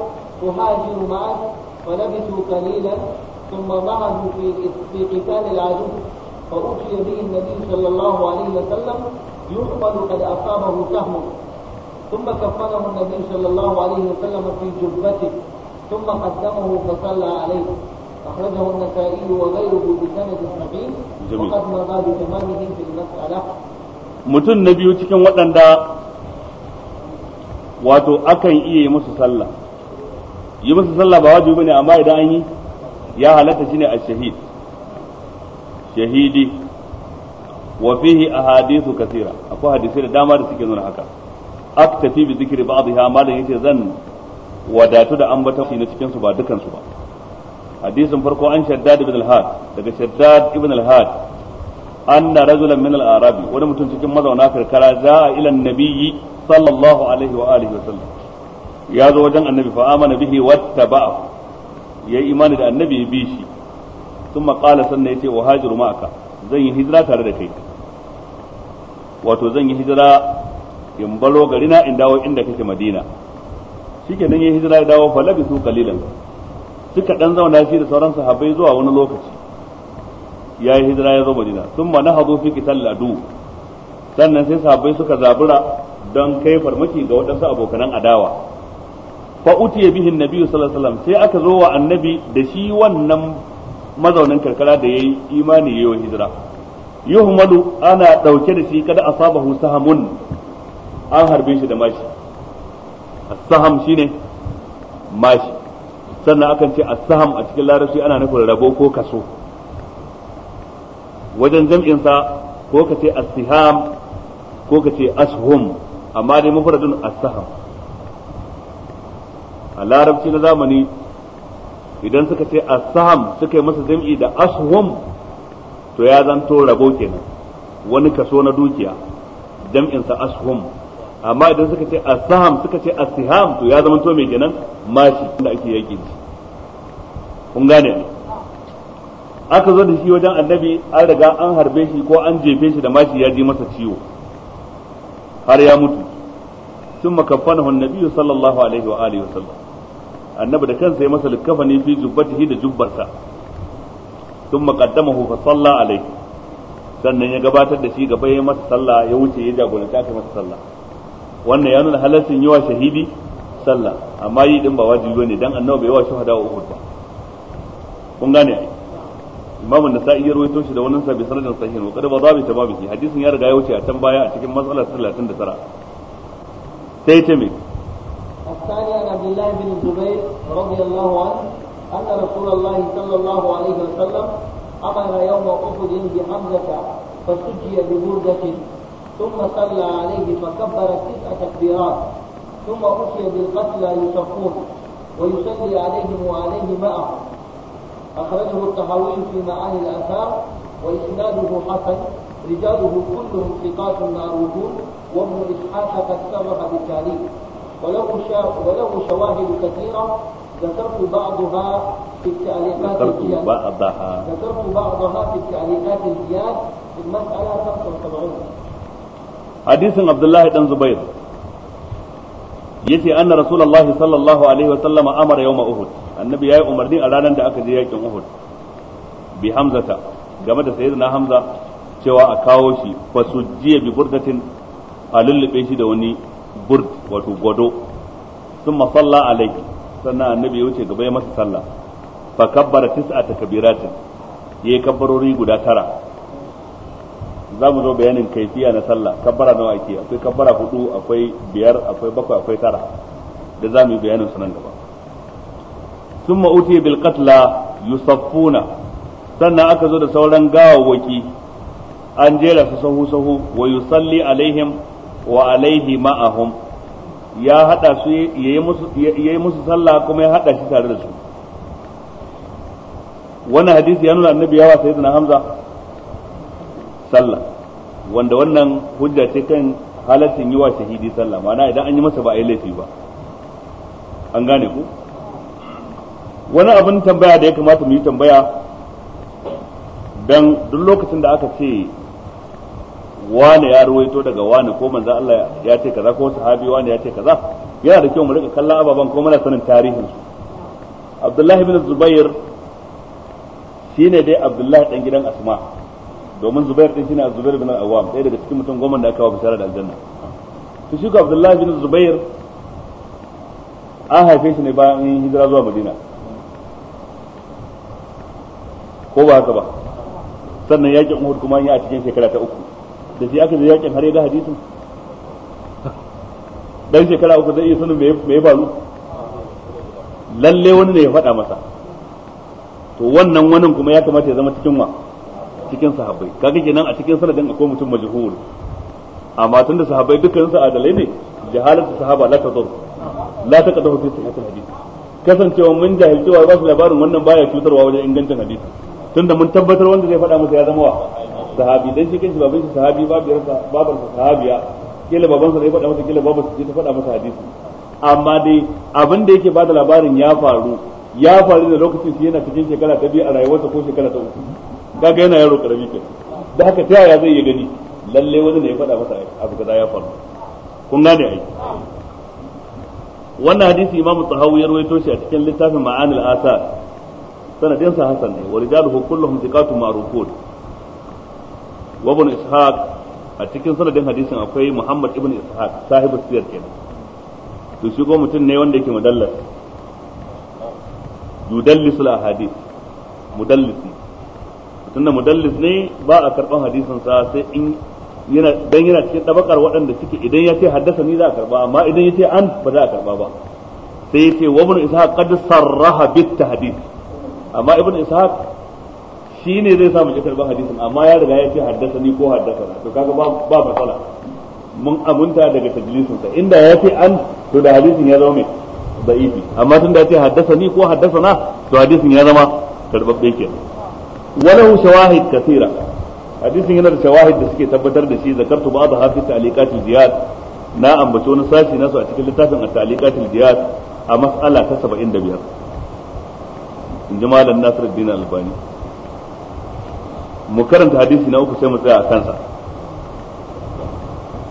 أهاجر معك فلبثوا قليلا ثم معه في قتال العدو فأتي به النبي صلى الله عليه وسلم يحمل قد أصابه سهم ثم كفنه النبي صلى الله عليه وسلم في جبته ثم قدمه فصلى عليه أخرجه النسائي وغيره بسند صحيح وقد مضى بتمامه في المسألة mutum na biyu cikin waɗanda wato akan iya yi musu sallah yi musu sallah ba wajibi ne amma idan an yi ya halatta shine a shahid shahidi wa fihi ahadithu kathira akwai hadisai da dama da suke nuna haka aktafi bi ba'a ba'dha malan yake zan wadatu da ambata na cikin su ba dukan su ba hadisin farko an shaddad ibn al-had daga shaddad ibn al-had anna rajulan min al-arabi wani mutum cikin mazauna karkara za'a ila nabiyyi sallallahu alaihi wa alihi wa sallam ya zo wajen annabi fa amana bihi wattaba'a yayi imani da annabi bi shi sun maƙala sannan ya ce wa hajiru ma'aka zan yi hijira tare da kai wato zan yi hijira in baro garina in dawo inda kake madina shi ke nan ya hijira ya dawo falabi su kalilan suka ɗan zauna shi da sauran sahabai zuwa wani lokaci ya yi hijira ya zo madina sun ma na hazo fi kitan ladu sannan sai sahabai suka zabura don kai farmaki ga waɗansu abokanan adawa fa utiya bihin nabiyyu sallallahu alaihi wasallam sai aka zo wa annabi da shi wannan mazaunin karkara da yayi imani yayi hijira yuhmalu ana dauke da shi kada asabahu sahamun an harbe shi da mashi as-saham shine mashi sannan akan ce as-saham a cikin larabci ana nufin rabo ko kaso wajen jam'in sa ko ka ce as-siham ko ka ce ashum amma dai mufradun as-saham a larabci na zamani idan suka ce a saham suka yi masa jam'i da ashwam to ya zanto rabo kenan wani kaso na dukiya jam'in sa ashwam amma idan suka ce a saham suka ce a siham to ya to mai kenan mashi da ake yaki kun gane aka zo da shi wajen annabi an riga an harbe shi ko an jefe shi da mashi ya ji masa ciwo har ya mutu sun makafana hun nabiyu sallallahu alaihi wa alihi annabi da kansa ya masa likafani fi jubbatihi da jubbarsa sun maqaddamahu fa salla sannan ya gabatar da shi gaba ya masa sallah ya wuce ya jagoranta ka masa sallah wannan ya nuna yi yawa shahidi sallah amma yi din ba wajibi bane dan annabi bai wa shahada wa uhud ba kun gane ai da sa'i ya rawaito shi da wannan sabi sanadin sahihin wa qad ba zabi tamamihi hadisin ya riga ya wuce a can baya a cikin matsalar 39 sai ta mai الثاني عن عبد الله بن الزبير رضي الله عنه أن رسول الله صلى الله عليه وسلم أمر يوم أحد بحمزة فسجي ببردة ثم صلى عليه فكبر تسع تكبيرات ثم اوصي بالقتلى يصفون ويصلي عليهم وعليه معه أخرجه الطحاوي في معاني الآثار وإسناده حسن رجاله كلهم ثقات معروفون وابن إسحاق قد سبق بالتاريخ وله وله شواهد كثيرة ذكرت بعضها في التعليقات ذكرت بعضها ذكرت بعضها في التعليقات الجياد في المسألة 75 حديث عبد الله بن زبير yace anna rasulullahi sallallahu alaihi wa sallam amara yawma uhud annabi yayi umarni a ranar da aka je yakin uhud bi hamzata game da sayyidina hamza cewa a kawo shi fa sujjiya bi burdatin a lullube shi da wani burd wato gado sun masalla alaihi sannan annabi ya wuce gaba ya masa sallah fa kabbara tis'a ya yayi kabbarori guda tara za mu zo bayanin kaifiya na sallah kabbara nawa ake akwai kabbara hudu akwai biyar akwai bakwai akwai tara da za mu yi bayanin su nan gaba summa utiya bil qatla yusaffuna sannan aka zo da sauran gawawwaki an jera su sahu sahu wa yusalli alaihim wa alaihi ma'ahum ya hada su yayi musu sallah kuma ya hada shi tare da su wannan hadisi ya nuna annabi yawa sayyidina hamza sallah wanda wannan hujja ce kan halaccin yi wa shahidi sallah ma'ana idan an yi masa ba a yi laifi ba an gane ku wani abin tambaya da ya kamata mu yi tambaya don duk lokacin da aka ce wani ya ruwaito daga wani ko manzo Allah ya ce kaza ko sahabi wani ya ce kaza yana da kyau mu rika kallon ababan ko muna sanin tarihin su Abdullahi bin Zubair shine dai Abdullahi dan gidan Asma domin Zubair din shine Zubair bin Al-Awwam ɗaya daga cikin mutum goma da aka wafa da aljanna to shi ko Abdullahi bin Zubair an haife shi ne bayan hijira zuwa Madina ko ba haka ba sannan yakin Uhud kuma ya a cikin shekara ta uku da shi aka zai yakin har ya ga hadisin dan shekara uku zai iya sanin me ya faru lalle wani ne ya faɗa masa to wannan wanin kuma ya kamata ya zama cikin wa cikin sahabbai kaga kenan a cikin sanadin akwai mutum majhul amma tun da sahabbai dukkan su adalai ne jahalatu sahaba la tadur la taqdahu fi sihhatil hadith kasancewa mun jahilci wa ba su labarin wannan baya cutarwa wajen ingancin hadisi tunda mun tabbatar wanda zai faɗa masa ya zama wa sahabi dan shi kanshi baban shi sahabi babar babarsa sahabiya kila babansa ne faɗa masa kila babarsa ce ta faɗa masa hadisi amma dai abin da yake ba da labarin ya faru ya faru da lokacin shi yana cikin shekara ta biyu a rayuwarsa ko shekara ta uku kaga yana yaro karami ke da haka ta yaya zai yi gani lalle wani ne ya faɗa masa abu kaza ya faru kun gane ai wannan hadisi imam tahawi ya rawaito shi a cikin littafin ma'anil asar sanadin sa hasan ne wa rijaluhu kulluhum thiqatun ma'rufun wa ibn a cikin sanadin hadisin akwai muhammad ibn ishaq sahibu siyar kenan to shi mutum ne wanda yake mudallas yudallisul ahadith mudallisi tunda mudallis ne ba a karban sai in yana dan yana cikin tabakar waɗanda suke idan ya ce haddasa ni za a karba amma idan ya ce an ba za a karba ba sai ya ce wa ibn ishaq qad sarraha bit tahdid amma ibn ishaq shi ne zai samu ji karban hadisin amma ya riga ya ce haddasa ni ko haddasa to kaga ba ba matsala mun aminta daga tajlisin sa inda ya ce an to da hadisin ya zama mai da'ifi amma tun da ya ce haddasa ni ko haddasa na to hadisin ya zama karbabbe kenan walahu shawahid kathira hadisin yana da shawahid da suke tabbatar da shi zakartu ba'd hafiz ta'liqatul jihad na ambaci wani sashi nasu a cikin littafin at-ta'liqatul jihad a mas'ala ta 75 in ji malam Nasiruddin Albani mu karanta hadisi na uku sai mu tsaya a kansa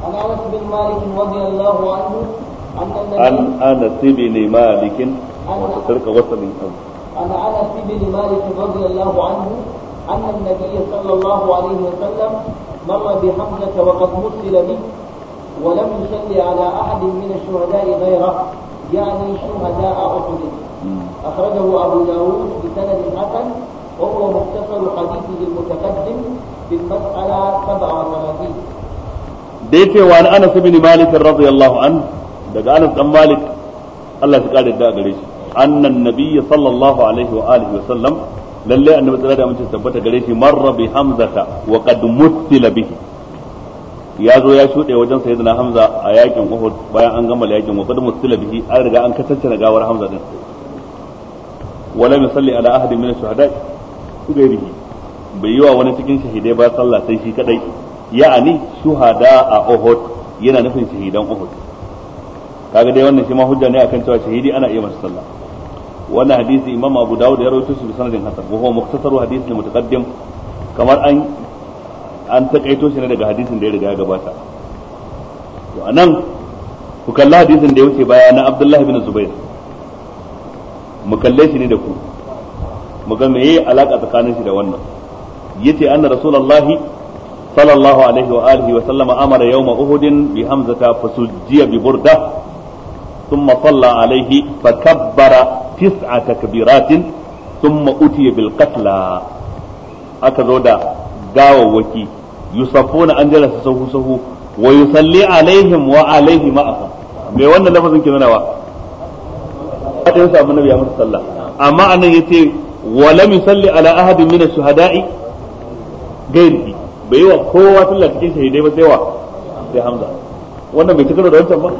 an anas bin malik radiyallahu anhu an anas bin malik wa tarka an anas bin malik radiyallahu anhu أن النبي صلى الله عليه وسلم مر بحمزة وقد مرسل منه ولم يصلي على أحد من الشهداء غيره يعني شهداء أحد أخرجه أبو داود بسند حسن وهو مختصر حديثه المتقدم في المسألة 37 ديتي وعن أنس بن مالك رضي الله عنه دقى أنس بن مالك الله تقال الداء قريش أن النبي صلى الله عليه وآله وسلم lallai annabi tsira da amince tabbata gare shi marra bi hamzata wa qad mutila bihi ya zo ya shuɗe wajen sayyidina hamza a yakin uhud bayan an gama yakin wa qad mutila bihi an riga an katacce gawar hamza din wala yusalli ala ahadin min ash-shuhada su gairihi bai yi wa wani cikin shahidai ba sallah sai shi kadai ya'ani shuhada a Uhud yana nufin shahidan Uhud kaga dai wannan shi ma hujja ne akan cewa shahidi ana iya masa sallah wannan hadisi Imam Abu Dawud ya rawaito shi bi sanadin hasan wa huwa muktasaru hadisi ne mutaqaddim kamar an an takaito shi ne daga hadisin da ya riga ya gabata to anan ku kalla hadisin da yake wuce baya na Abdullah bin Zubair mu kalle shi ne da ku mu ga meye alaka tsakanin shi da wannan yace anna rasulullahi sallallahu alaihi wa alihi wa sallama amara yawma uhudin bi hamzata fasujjiya bi burda thumma salla alaihi fakabbara tis'a takbiratin thumma utiya bil qatla aka zo da gawawwaki yusafuna an jala sahu sahu wa yusalli alaihim wa alaihi ma ma'ahum me wannan lafazin ke nuna wa ta yi samu nabi ya musu sallah amma anan yace wa lam yusalli ala ahadin min ash-shuhada'i gairihi bai wa kowa sallah cikin shahidai ba sai wa sai Hamza wannan bai cika da wancan ba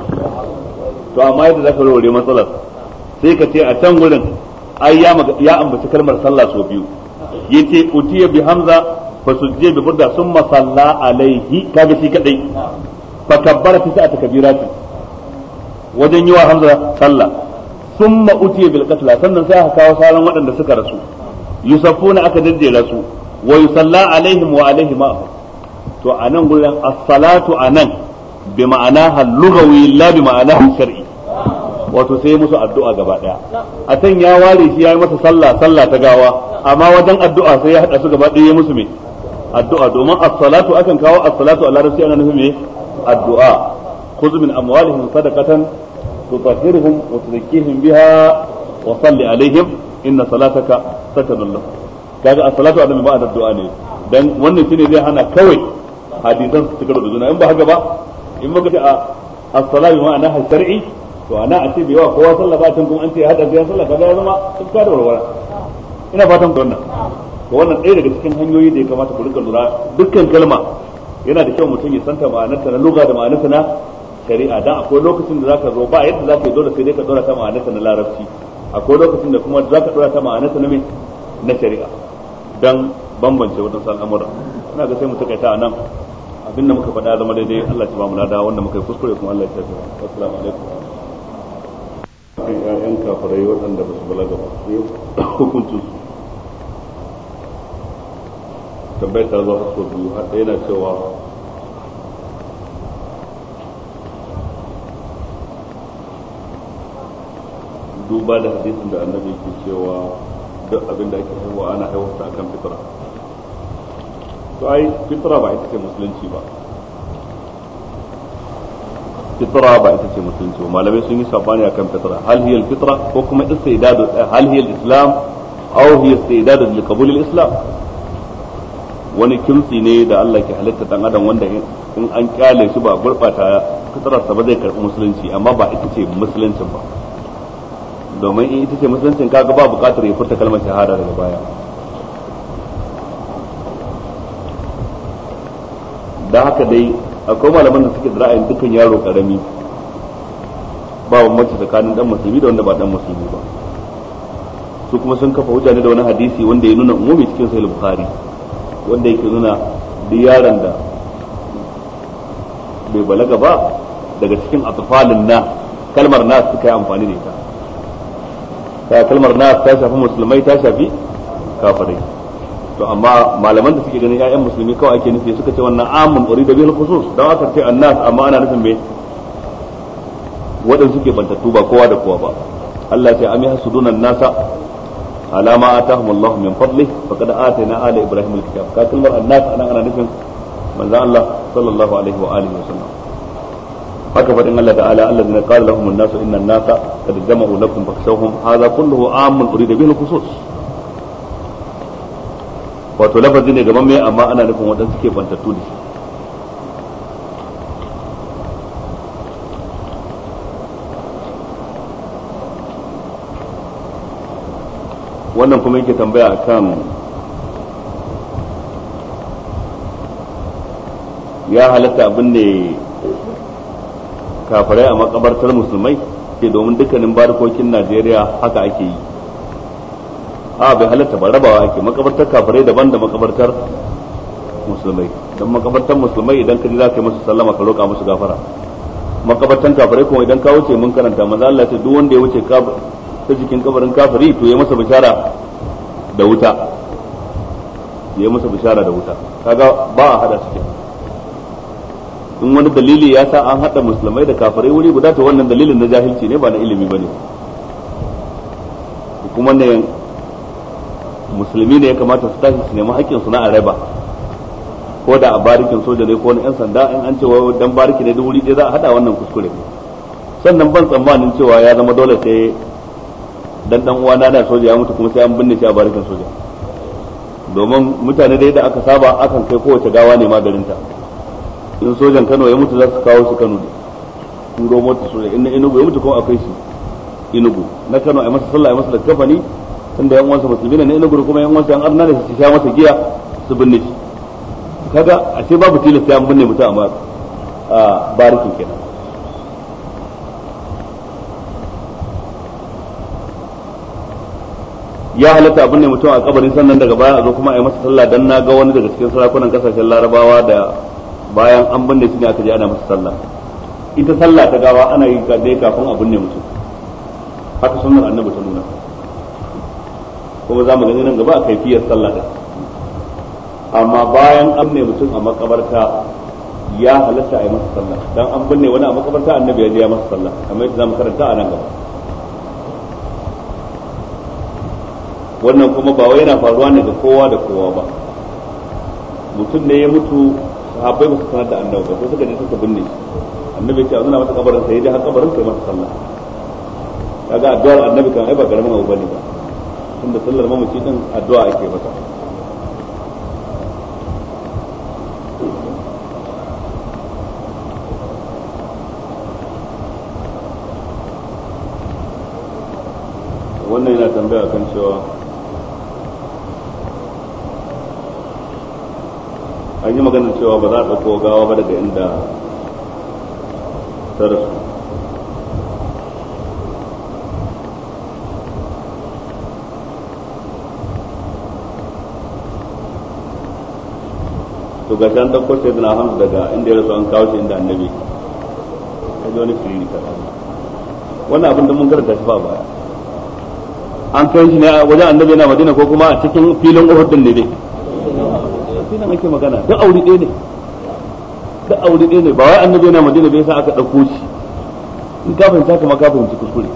to amma yadda zaka rore matsalar sai ka ce a can gurin ai ya ambaci kalmar sallah sau biyu yace utiya bi Hamza fa sujje bi burda summa salla alaihi kaga shi wajen yi wa Hamza sallah summa utiya bil qatla sannan sai aka kawo sauran waɗanda suka rasu yusaffuna aka daddela su wa yusalla alaihim wa alaihi ma to nan gurin as-salatu nan bi ma'ana lughawi la bi ma'ana shar'i wato sai musu addu'a gaba daya a can ya ware shi yayi masa sallah sallah ta gawa amma wajen addu'a sai ya hada su gaba daya musu me addu'a domin as-salatu akan kawo as-salatu a larabci ana nufin me addu'a khudh min amwalihim sadaqatan تطهرهم وتزكيهم بها وصل عليهم إن صلاتك سكن لهم kaga a salatu adam ba da du'a ne dan wannan shine zai hana kawai hadisan su cika da juna in ba haka ba in muka ce a as-salatu ma'ana shar'i to ana a ce bai wa kowa sallah ba tun kuma an ce hada biya sallah kaga ya zama tufka da warwara ina fatan ku wannan to wannan ɗaya daga cikin hanyoyi da ya kamata ku rika lura dukkan kalma yana da kyau mutum ya santa ma'anarta na lugha da ma'anarta na shari'a dan akwai lokacin da zaka zo ba yadda zaka yi dole sai dai ka dora ta ma'anarsa na larabci akwai lokacin da kuma zaka dora ta ma'anarsa na me na shari'a dan bambance wannan al'amura ina ga sai mu takaita a nan abin da muka faɗa zama daidai Allah ya ba mu lada wanda muka yi kuskure kuma Allah ya tafi assalamu alaikum kan ƴaƴan kafirai waɗanda ba su balaga ba su yi hukuncin su tabbaita zuwa su biyu har ɗaya na cewa duba da hadisin da annabi ke cewa duk abin da ake haihuwa ana haihuwa akan fitra to ai fitra ba ita ce musulunci ba fitra ba ita ce musulunci ba malamai sun yi sabani akan fitra hal hiya fitra ko kuma istidadu eh, hal hiya islam aw hiya istidadu li qabul islam wani kimsi ne da Allah ke halitta dan adam wanda in an kyale shi ba gurbata fitrarsa ba zai karbi musulunci amma ba ita ce musuluncin ba domin in ita ce musuluncin kaga ba bukatar ya furta kalmar shahada daga baya da haka dai akwai malaman da suke da ra'ayin dukkan yaro karami ba bambanci tsakanin dan musulmi da wanda ba dan musulmi ba su kuma sun kafa hujja ne da wani hadisi wanda ya nuna umumi cikin sahih bukhari wanda yake nuna duk yaron da bai balaga ba daga cikin atfalin na kalmar na suka yi amfani da ita ta kalmar nas ta shafi musulmai ta shafi kafirai to amma malaman da suke ganin ƴaƴan musulmi kawai ake nufi suka ce wannan amun urida bil khusus dan aka ce annas amma ana nufin me wadanda suke bantattu ba kowa da kowa ba Allah ce am yahsudunan nasa alama atahum Allah min fadli faqad atayna ala ibrahim alkitab ka kalmar annas ana ana nufin manzo Allah sallallahu alaihi wa alihi wasallam haka fadin Allah ta'ala alladhina qala lahum an-nasu inna nasa jama'u lakum hadha kulluhu amun urida bihi khusus wato lafazi ne gaban mai amma ana nufin waɗansu ke bantattu da shi wannan kuma yake tambaya akan ya halatta abin da kafirai a makabartar musulmai ke domin dukkanin barkokin Najeriya haka ake yi a bai halatta ba rabawa ake makabartar kafirai daban da makabartar musulmai don makabartar musulmai idan ka ji za ka yi musu sallama ka roƙa musu gafara makabartan kafirai kuma idan ka wuce mun karanta maza Allah ce duk wanda ya wuce ta jikin kabarin kafiri to ya masa bishara da wuta ya masa bishara da wuta kaga ba a hada su kenan in wani dalili ya sa an haɗa musulmai da kafirai wuri guda to wannan dalilin na jahilci ne ba na ilimi ba ne kuma ne musulmi ne ya kamata su tashi su nemi haƙƙinsu na araba ko da a barikin soja ne ko wani 'yan sanda in an cewa dan bariki ne da wuri ɗaya za a haɗa wannan kuskure sannan ban tsammanin cewa ya zama dole sai dan dan uwana na soja ya mutu kuma sai an binne shi a barikin soja domin mutane dai da aka saba akan kai kowace gawa ne ma ta in sojan Kano ya mutu za su kawo shi Kano in go su soja in Enugu ya mutu kuma akwai shi inugu na Kano ai masa sallah ai masa kafani tunda yan uwansa musulmi ne na kuma yan uwansa an arna ne su sha masa giya su binne shi kaga a ce babu tilasta an binne mutum amma a barikin kenan ya halatta abin ne mutum a kabarin sannan daga baya a zo kuma a yi masa sallah don na ga wani daga cikin sarakunan kasashen larabawa da bayan an binne shi ne aka je ana masa sallah ita sallah ta gawa ana yi dai kafin a binne mutum haka sunnar annabi ta nuna kuma za mu gani nan gaba a kaifiyar sallah da amma bayan an ne mutum a makabarta ya halatta a yi masa sallah dan an binne wani a makabarta annabi ya je ya masa sallah amma yadda za mu karanta a nan gaba wannan kuma ba wai yana faruwa ne ga kowa da kowa ba mutum ne ya mutu sahabbai ba su sanar da annabi ba sai suka je suka binne annabi ce a zuna masa kabarin sai ya ji har kabarin sai masa sallah kaga addu'ar annabi kan ai ba garman abu bane ba tunda sallar mamaci din addu'a ake masa wannan yana tambaya kan cewa an yi maganar cewa ba za a ɗauko gawa ba daga inda ta rasu to ga shan ɗauko sai zina hamsu daga inda ya rasu an kawo shi inda annabi ya ji wani fili ta wannan abin da mun karanta shi ba baya an kai shi ne wajen annabi na madina ko kuma a cikin filin uhudun din ne dai nan ake magana duk aure ɗaya ne duk aure ɗaya ne ba wai annabi yana madina bai sa aka ɗauko shi in ka fahimta kuma ka fahimci kuskure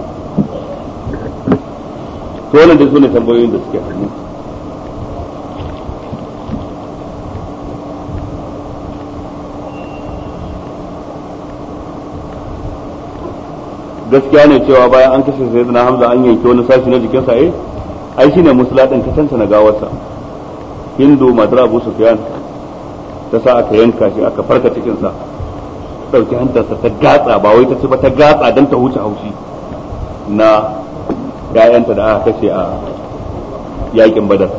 to wannan dai sune tambayoyin da suke hannu gaskiya ne cewa bayan an kashe sayyidina hamza an yanke wani sashi na jikinsa eh ai shine musulatin kasance na gawarsa hindu madara abu sufyan ta sa aka yanka shi aka farka cikinsa ɗauki hantarsa ta gatsa ba wai ta ci ba ta gatsa don ta huce haushi na ‘ya'yanta da aka kashe a yakin badar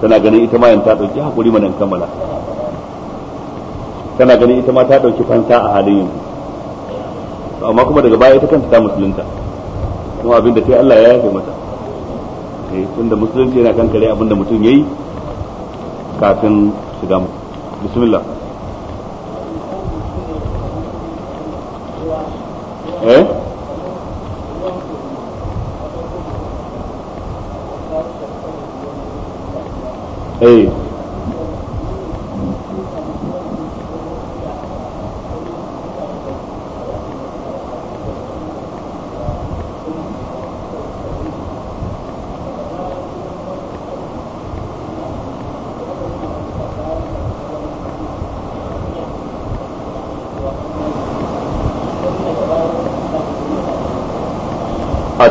tana ganin ita ma ta ɗauki haƙuri mana kammala tana ganin ita ma ta ɗauki fansa a halin yin amma kuma daga baya ita kanta ta musulunta kuma abin da ta Allah ya yafe mata eh, tunda musulunci yana kankare abin da mutum ya yi kafin shiga bismillah eh eh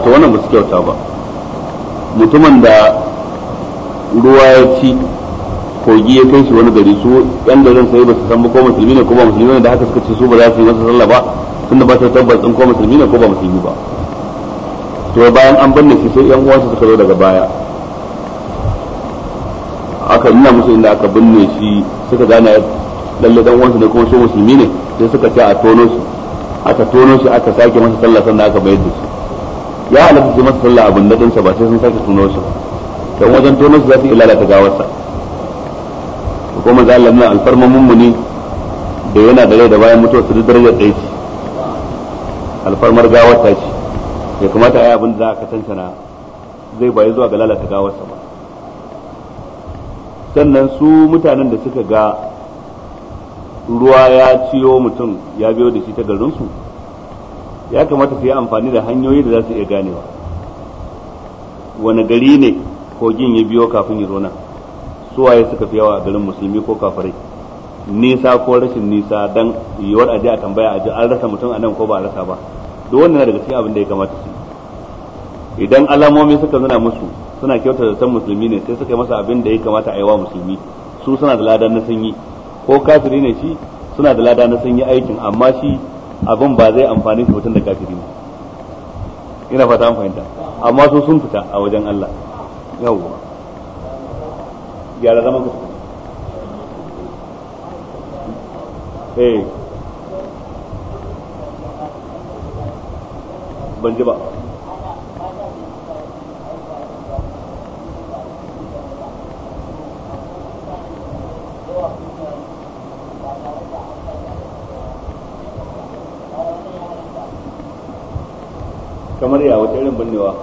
a wannan ba su kyauta ba mutumin da ruwa ya ci kogi ya kai shi wani gari su yan garin sai ba su san ba ko musulmi ne ko ba musulmi ne da haka suka ce su ba za su yi masa sallah ba tunda ba su tabbas din ko musulmi ne ko ba musulmi ba to bayan an banne shi sai yan uwansa suka zo daga baya aka nuna musu inda aka binne shi suka gane lalle dan uwansa ne kuma su musulmi ne sai suka ce a tono shi aka tono shi aka sake masa sallah sannan aka bayar da shi ya halatta su masa sallah abin dadin sa ba sai sun sake tuno shi dan wajen tono su za su ilalata gawarsa ko za a lamna alfarman mummuni da yana da rai da bayan mutuwa su darajar ɗaya ce alfarmar gawar ta ce ya kamata ai abin da za ka na zai bayi zuwa ga lalata gawarsa ba sannan su mutanen da suka ga ruwa ya ciyo mutum ya biyo da shi ta garinsu ya kamata su yi amfani da hanyoyi da za su iya ganewa wani gari ne kogin ya biyo kafin ya zo nan suwaye suka fi yawa a garin musulmi ko kafirai nisa ko rashin nisa dan yiwuwar aje a tambaya aje an rasa mutum a nan ko ba a rasa ba duk wannan daga cikin abin da ya kamata su idan alamomi suka nuna musu suna kyauta da san musulmi ne sai suka yi masa abin da ya kamata a yi wa musulmi su suna da lada na sanyi ko kafiri ne shi suna da lada na sanyi aikin amma shi abin ba zai amfani su mutum da kafiri ba ina fata an fahimta amma su sun fita a wajen Allah yawwa gyara zama ku eh ban ji ba kamar ya wata irin binnewa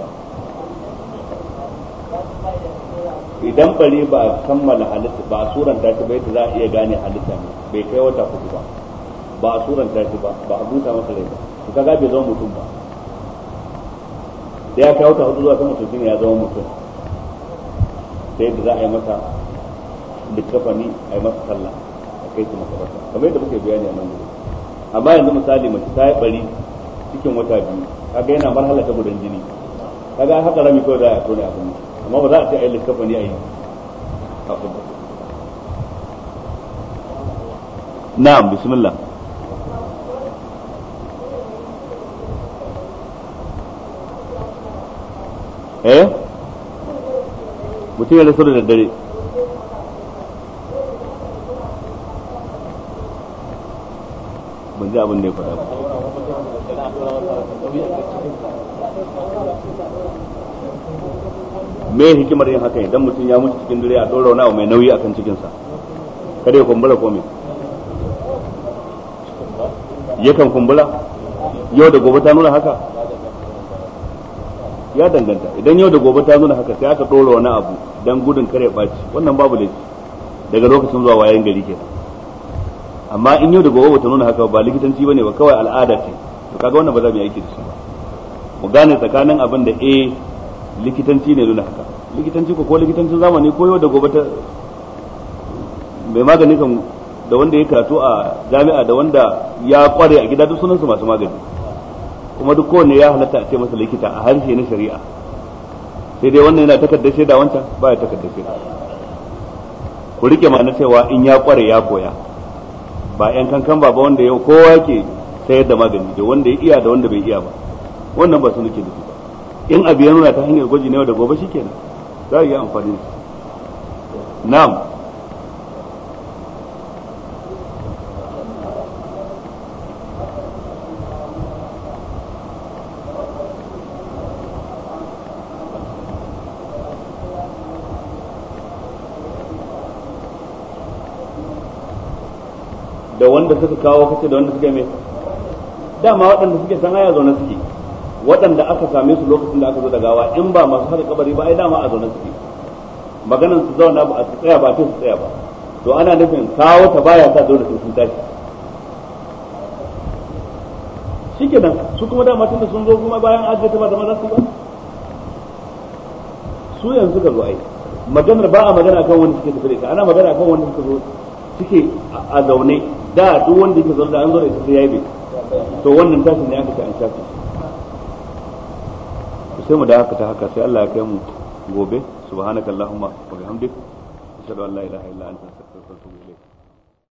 idan bari ba a kammala halitta ba a suranta shi ba yadda za a iya gane halitta ne bai kai wata kudu ba ba a suranta shi ba ba a buta masa rai ba su kaga bai zama mutum ba da ya kai wata hudu zuwa sama to shine ya zama mutum sai da za a yi masa littafani a yi masa sallah a kai shi makabarta kamar yadda muke bayani a nan gudu amma yanzu misali mace ta yi bari cikin wata biyu kaga yana marhala ta gudan jini kaga haka rami kawai za a tone a kuma amma ba za a ce ai littafa ne a yi na'am bismillah eh mutum ya rasu da daddare ban ji abin da ya faɗa ba me hikimar yin haka idan mutum ya mutu cikin dare a dora wani abu mai nauyi akan cikin sa kada ya kumbura ko me yakan kumbura yau da gobe ta nuna haka ya danganta idan yau da gobe ta nuna haka sai aka dora wani abu dan gudun kare baci wannan babu laifi daga lokacin zuwa wayan gari kenan amma in yau da gobe ta nuna haka ba likitanci bane ba kawai al'ada ce to kaga wannan ba za mu yi aiki da shi ba mu gane tsakanin abin da eh likitanci ne nuna haka likitanci ko ko likitancin zamani ko yau da gobe ta mai magani kan da wanda ya karatu a jami'a da wanda ya kware a gida duk su masu magani kuma duk kowanne ya halatta a ce masa likita a harshe na shari'a sai dai wannan yana takardar shaida wancan ba ya takardar shaida ku rike ma'ana cewa in ya kware ya koya ba yan kankan ba wanda yau kowa yake sayar da magani da wanda ya iya da wanda bai iya ba wannan ba su nake nufi in abu ya nuna ta hanyar gwaji ne da gobe shikenan za a yi amfani da shi na'am da wanda suka kawo kace da wanda suka mai dama waɗanda suke san aya zaune suke waɗanda aka same su lokacin da aka zo da gawa in ba masu haka kabari ba ai dama a zaune suke maganan su zauna ba su tsaya ba su tsaya ba to ana nufin kawo ta baya sa dole sun tashi shikenan su kuma dama tun da sun zo kuma bayan ajiye ta ba zama za su ba su yanzu ka zo ai maganar ba a magana kan wanda suke tafi ka ana magana kan wanda suka zo suke a zaune da duk wanda yake zaune da an zo da ita sai yayi to wannan tashin ne aka ce an shafe sai mu da ta haka sai Allah ya kai mu gobe subhanakallahumma wa bihamdika ashhadu an la ilaha illa anta astaghfiruka wa atubu